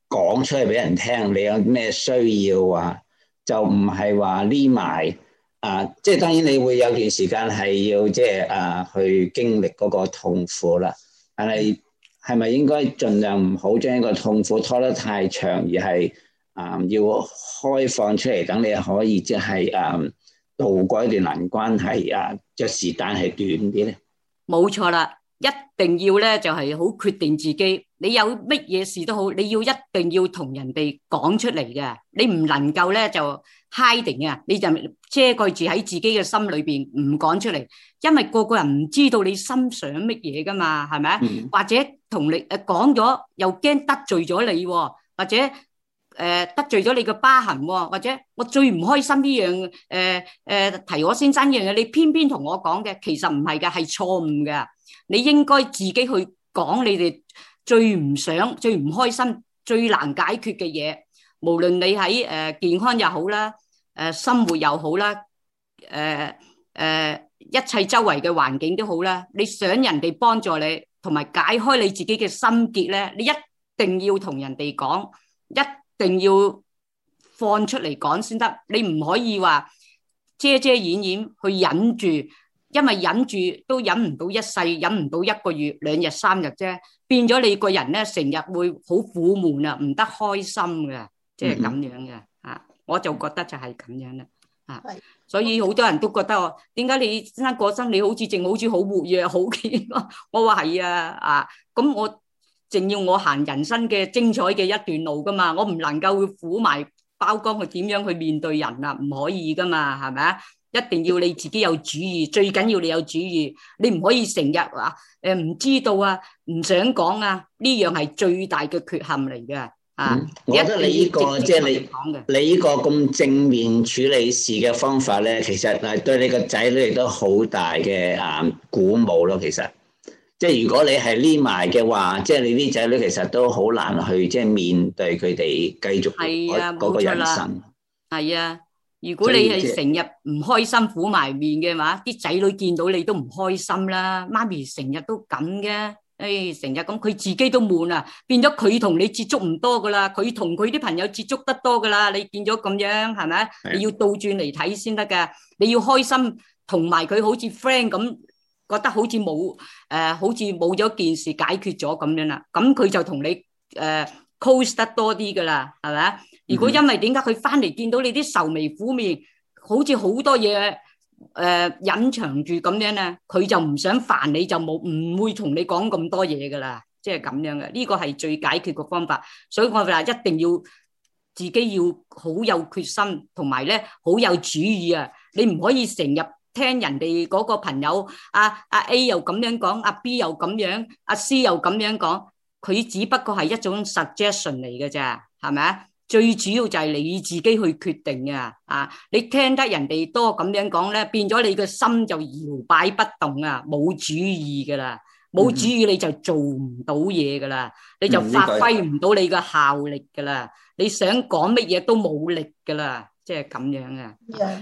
Speaker 4: 講出嚟俾人聽，你有咩需要啊，就唔係話匿埋。啊，即係當然你會有段時間係要即係啊，去經歷嗰個痛苦啦。但係係咪應該盡量唔好將一個痛苦拖得太長，而係啊要開放出嚟，等你可以即係啊渡過一段難關係啊，即係時間係短啲咧？
Speaker 6: 冇錯啦，一定要咧就係好決定自己，你有乜嘢事都好，你要一定要同人哋講出嚟嘅，你唔能夠咧就。hiding 啊，你就遮蓋住喺自己嘅心裏邊唔講出嚟，因為個個人唔知道你心想乜嘢噶嘛，係咪？嗯、或者同你誒講咗又驚得罪咗你，或者誒、呃、得罪咗你嘅疤痕，或者我最唔開心呢樣誒誒、呃呃、提我先生樣嘢，你偏偏同我講嘅其實唔係嘅，係錯誤嘅，你應該自己去講你哋最唔想、最唔開心、最難解決嘅嘢，無論你喺誒、呃、健康又好啦。誒，生活又好啦，誒誒，一切周圍嘅環境都好啦。你想人哋幫助你，同埋解開你自己嘅心結咧，你一定要同人哋講，一定要放出嚟講先得。你唔可以話遮遮掩掩去忍住，因為忍住都忍唔到一世，忍唔到一個月、兩日、三日啫。變咗你個人咧，成日會好苦悶啊，唔得開心嘅，即係咁樣嘅。我就覺得就係咁樣啦，啊的，所以好多人都覺得我點解你先生過身，你好似淨好似好活躍，好勁。好 我話係啊，啊，咁我淨要我行人生嘅精彩嘅一段路噶嘛，我唔能夠苦埋包光去點樣去面對人啊，唔可以噶嘛，係咪啊？一定要你自己有主意，最緊要你有主意，你唔可以成日話誒唔知道啊，唔想講啊，呢樣係最大嘅缺陷嚟嘅。啊！我覺得你呢、呢個即係你你
Speaker 4: 呢個咁正面處理事嘅方法咧，其實係對你個仔女亦都好大嘅啊鼓舞咯。其實，即係如果你係匿埋嘅話，即係你啲仔女其實都好難去即係、就是、面對佢哋繼續個人生係啊，冇
Speaker 6: 錯啦。係啊，如果你係成日唔開心苦埋面嘅話，啲仔、就是、女見到你都唔開心啦。媽咪成日都咁嘅。誒，成日咁佢自己都悶啊，變咗佢同你接觸唔多噶啦，佢同佢啲朋友接觸得多噶啦，你見咗咁樣係咪啊？你要倒轉嚟睇先得噶，你要開心，同埋佢好似 friend 咁，覺得好似冇誒，好似冇咗件事解決咗咁樣啦，咁佢就同你誒 close 得多啲噶啦，係咪啊？如果因為點解佢翻嚟見到你啲愁眉苦面，好似好多嘢。誒，隱藏住咁樣咧，佢就唔想煩你，就冇唔會同你講咁多嘢噶啦，即係咁樣嘅。呢個係最解決個方法，所以我話一定要自己要好有決心，同埋咧好有主意啊！你唔可以成日聽人哋嗰個朋友阿阿 A 又咁樣講，阿 B 又咁樣，阿 C 又咁樣講，佢只不過係一種 suggestion 嚟嘅咋，係咪？最主要就係你自己去決定啊！啊，你聽得人哋多咁樣講咧，變咗你個心就搖擺不動啊，冇主意噶啦，冇主意你就做唔到嘢噶啦，你就發揮唔到你嘅效力噶啦，你想講乜嘢都冇力噶啦，即係咁樣啊！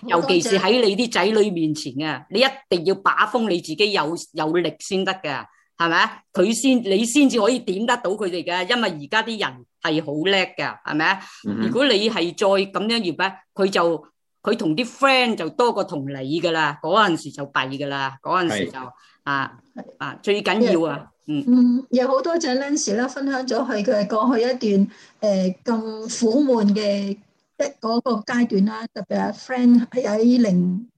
Speaker 6: 尤其是喺你啲仔女面前啊，你一定要把風你自己有有力先得噶。係咪啊？佢先你先至可以點得到佢哋嘅，因為而家啲人係好叻噶，係咪啊？嗯、哼如果你係再咁樣做咧，佢就佢同啲 friend 就多過同你噶啦，嗰陣時就弊噶啦，嗰陣時就啊啊最緊要啊，嗯。
Speaker 5: 有好多只 lunch 咧，分享咗佢嘅過去一段誒咁、呃、苦悶嘅一嗰個階段啦，特別係 friend 喺零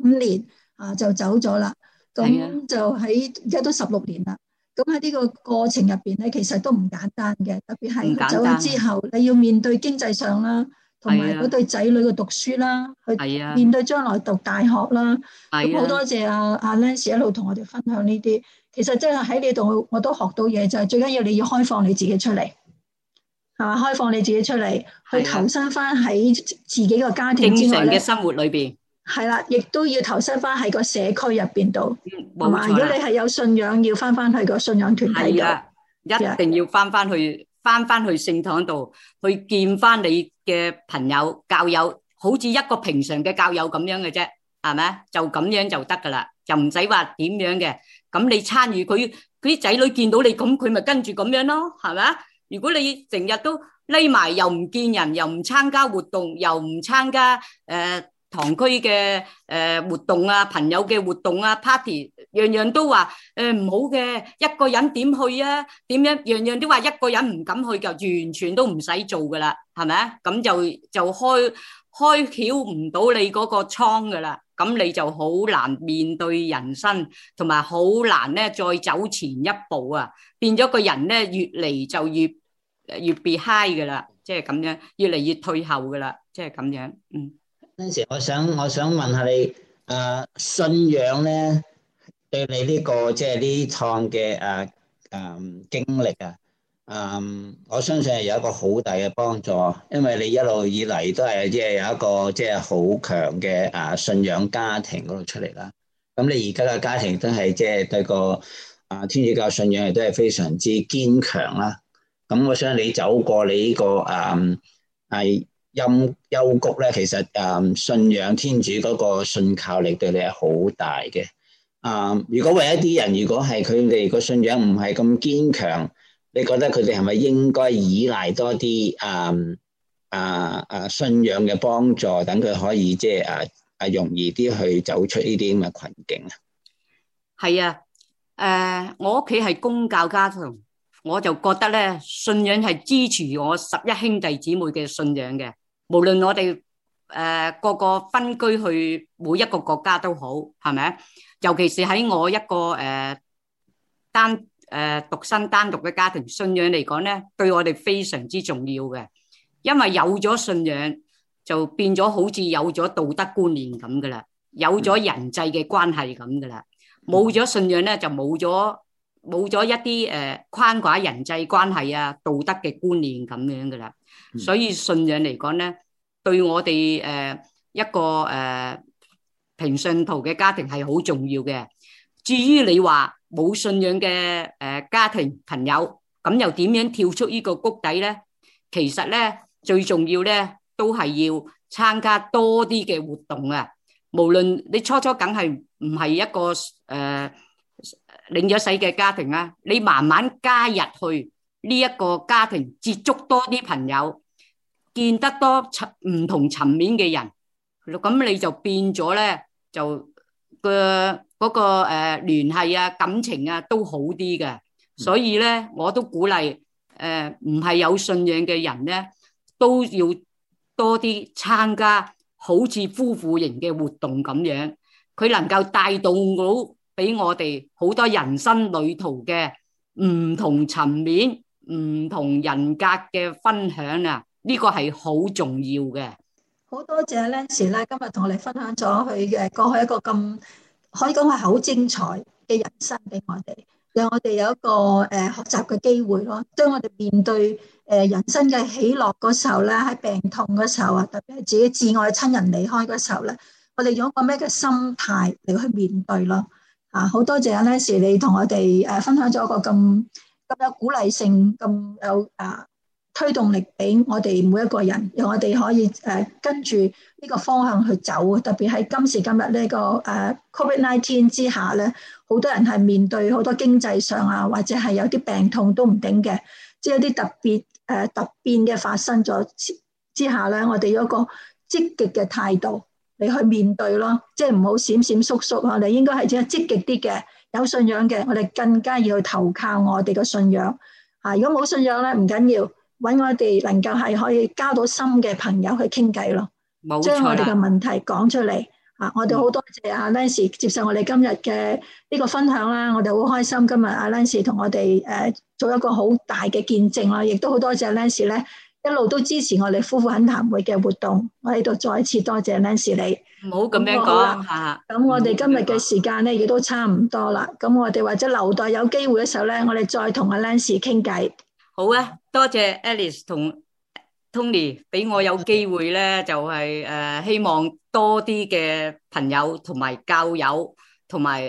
Speaker 5: 五年啊就走咗啦。咁就喺而家都十六年啦。咁喺呢個過程入邊咧，其實都唔簡單嘅，特別係走咗之後，你要面對經濟上啦，同埋嗰對仔女嘅讀書啦，去的面對將來讀大學啦。咁好多謝阿、啊、阿 Lance 一路同我哋分享呢啲，其實即係喺你度我都學到嘢，就係最緊要你要開放你自己出嚟，係嘛？開放你自己出嚟，的去投身翻喺自己個家庭之外，嘅生活裏邊。係啦，亦都要投身翻喺個社區入邊度。如果你係有信仰，要翻翻去個信仰團體度，係啊，
Speaker 6: 一定要翻翻去翻翻去聖堂度去見翻你嘅朋友教友，好似一個平常嘅教友咁樣嘅啫，係咪？就咁樣就得噶啦，就唔使話點樣嘅。咁你參與佢，佢啲仔女見到你，咁佢咪跟住咁樣咯，係咪啊？如果你成日都匿埋，又唔見人，又唔參加活動，又唔參加誒。堂區嘅誒活動啊，朋友嘅活動啊，party 樣樣都話誒唔好嘅，一個人點去啊？點樣樣樣都話一個人唔敢去就完全都唔使做噶啦，係咪？咁就就開開竅唔到你嗰個倉噶啦，咁你就好難面對人生，同埋好難咧再走前一步啊！變咗個人咧越嚟就越越變 high 噶啦，即係咁樣，越嚟越退後噶啦，
Speaker 4: 即係咁樣，嗯。嗰陣時我想我想問下你，誒、啊、信仰咧對你呢、這個即係呢趟嘅誒誒經歷啊，誒、嗯啊、我相信係有一個好大嘅幫助，因為你一路以嚟都係即係有一個即係好強嘅誒信仰家庭嗰度出嚟啦。咁你而家嘅家庭都係即係對個啊天主教信仰，亦都係非常之堅強啦。咁我想你走過你呢、這個誒係，啊啊陰幽谷咧，其實誒、嗯，信仰天主嗰個信靠力對你係好大嘅。誒、嗯，如果為一啲人，如果係佢哋個信仰唔係咁堅強，你覺得佢哋係咪應該依賴多啲誒誒誒信仰嘅幫助，等佢可以即係誒誒容易啲去走出呢啲咁嘅困境啊？
Speaker 6: 係啊，誒，我屋企係公教家庭，我就覺得咧，信仰係支持我十一兄弟姊妹嘅信仰嘅。無論我哋誒個個分居去每一個國家都好，係咪？尤其是喺我一個誒單誒獨身單獨嘅家庭，信仰嚟講咧，對我哋非常之重要嘅。因為有咗信仰，就變咗好似有咗道德觀念咁噶啦，有咗人際嘅關係咁噶啦。冇咗信仰咧，就冇咗冇咗一啲誒框架人際關係啊，道德嘅觀念咁樣噶啦。所以信仰嚟講咧，對我哋誒一個誒平信徒嘅家庭係好重要嘅。至於你話冇信仰嘅誒家庭朋友，咁又點樣跳出呢個谷底咧？其實咧，最重要咧，都係要參加多啲嘅活動啊。無論你初初梗係唔係一個誒領咗洗嘅家庭啊，你慢慢加入去呢一個家庭，接觸多啲朋友。見得多層唔同層面嘅人，咁你就變咗咧，就個嗰個誒聯繫啊感情啊都好啲嘅。所以咧，我都鼓勵誒唔係有信仰嘅人咧，都要多啲參加好似夫婦型嘅活動咁樣，佢能夠帶動到俾我哋好多人生旅途嘅唔同層面、唔同人格嘅分享啊！呢個係好重要嘅，
Speaker 5: 好多謝 Lance 咧，今日同我哋分享咗佢嘅過去一個咁可以講係好精彩嘅人生俾我哋，讓我哋有一個誒學習嘅機會咯。當我哋面對誒人生嘅喜樂嗰時候咧，喺病痛嗰時候啊，特別係自己摯愛嘅親人離開嗰時候咧，我哋用一個咩嘅心態嚟去面對咯？啊，好多謝 Lance 你同我哋誒分享咗一個咁咁有鼓勵性、咁有啊～推動力俾我哋每一個人，讓我哋可以誒跟住呢個方向去走。特別喺今時今日呢個誒 COVID-19 之下咧，好多人係面對好多經濟上啊，或者係有啲病痛都唔頂嘅。即係一啲特別誒突變嘅發生咗之下咧，我哋有一個積極嘅態度嚟去面對咯。即係唔好閃閃縮縮，我哋應該係即係積極啲嘅，有信仰嘅，我哋更加要去投靠我哋嘅信仰。嚇！如果冇信仰咧，唔緊要。揾我哋能夠係可以交到心嘅朋友去傾偈咯，將沒錯 我哋嘅問題講出嚟、嗯啊啊啊呃。啊，我哋好多謝阿、啊、Lance 接受我哋今日嘅呢個分享啦，我哋好開心今日阿 Lance 同我哋誒做一個好大嘅見證啦，亦都好多謝 Lance 咧一路都支持我哋夫婦懇談會嘅活動。我喺度再次多謝、啊、Lance 你。唔好咁樣講啦，咁、啊、我哋今日嘅時間咧亦都差唔多啦。咁我哋或者留待有機會嘅時候咧，我哋再同阿、啊、Lance 傾偈。
Speaker 6: 好啊！多謝 Alice 同 Tony 俾我有機會咧，就係誒，希望多啲嘅朋友同埋教友同埋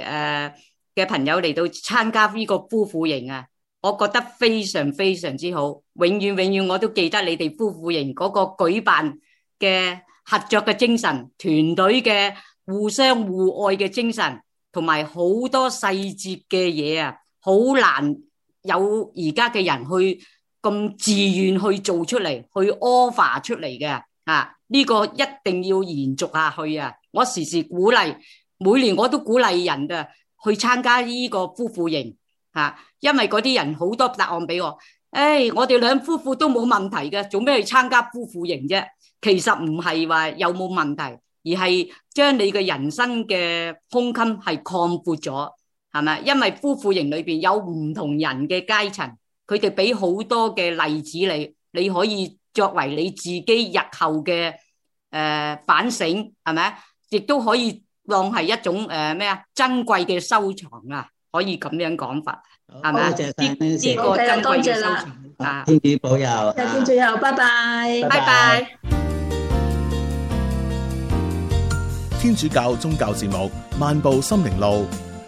Speaker 6: 誒嘅朋友嚟到參加呢個夫婦營啊！我覺得非常非常之好，永遠永遠我都記得你哋夫婦營嗰個舉辦嘅合作嘅精神、團隊嘅互相互愛嘅精神，同埋好多細節嘅嘢啊，好難。有而家嘅人去咁自願去做出嚟，去 offer 出嚟嘅啊！呢個一定要延續下去啊！我時時鼓勵，每年我都鼓勵人嘅去參加呢個夫婦營啊！因為嗰啲人好多答案俾我，誒，我哋兩夫婦都冇問題嘅，做咩去參加夫婦營啫？其實唔係話有冇問題，而係將你嘅人生嘅胸襟係擴闊咗。係咪？因為夫婦營裏邊有唔同人嘅階層，佢哋俾好多嘅例子你，你可以作為你自己日後嘅誒反省，係咪？亦都可以當係一種誒咩啊珍貴嘅收藏啊，可以咁樣講法，係咪？多謝晒呢個咁多謝啦，
Speaker 3: 天主保佑，天
Speaker 5: 主保佑，拜拜，拜拜。
Speaker 3: 天主教宗教節目《漫步心靈路》。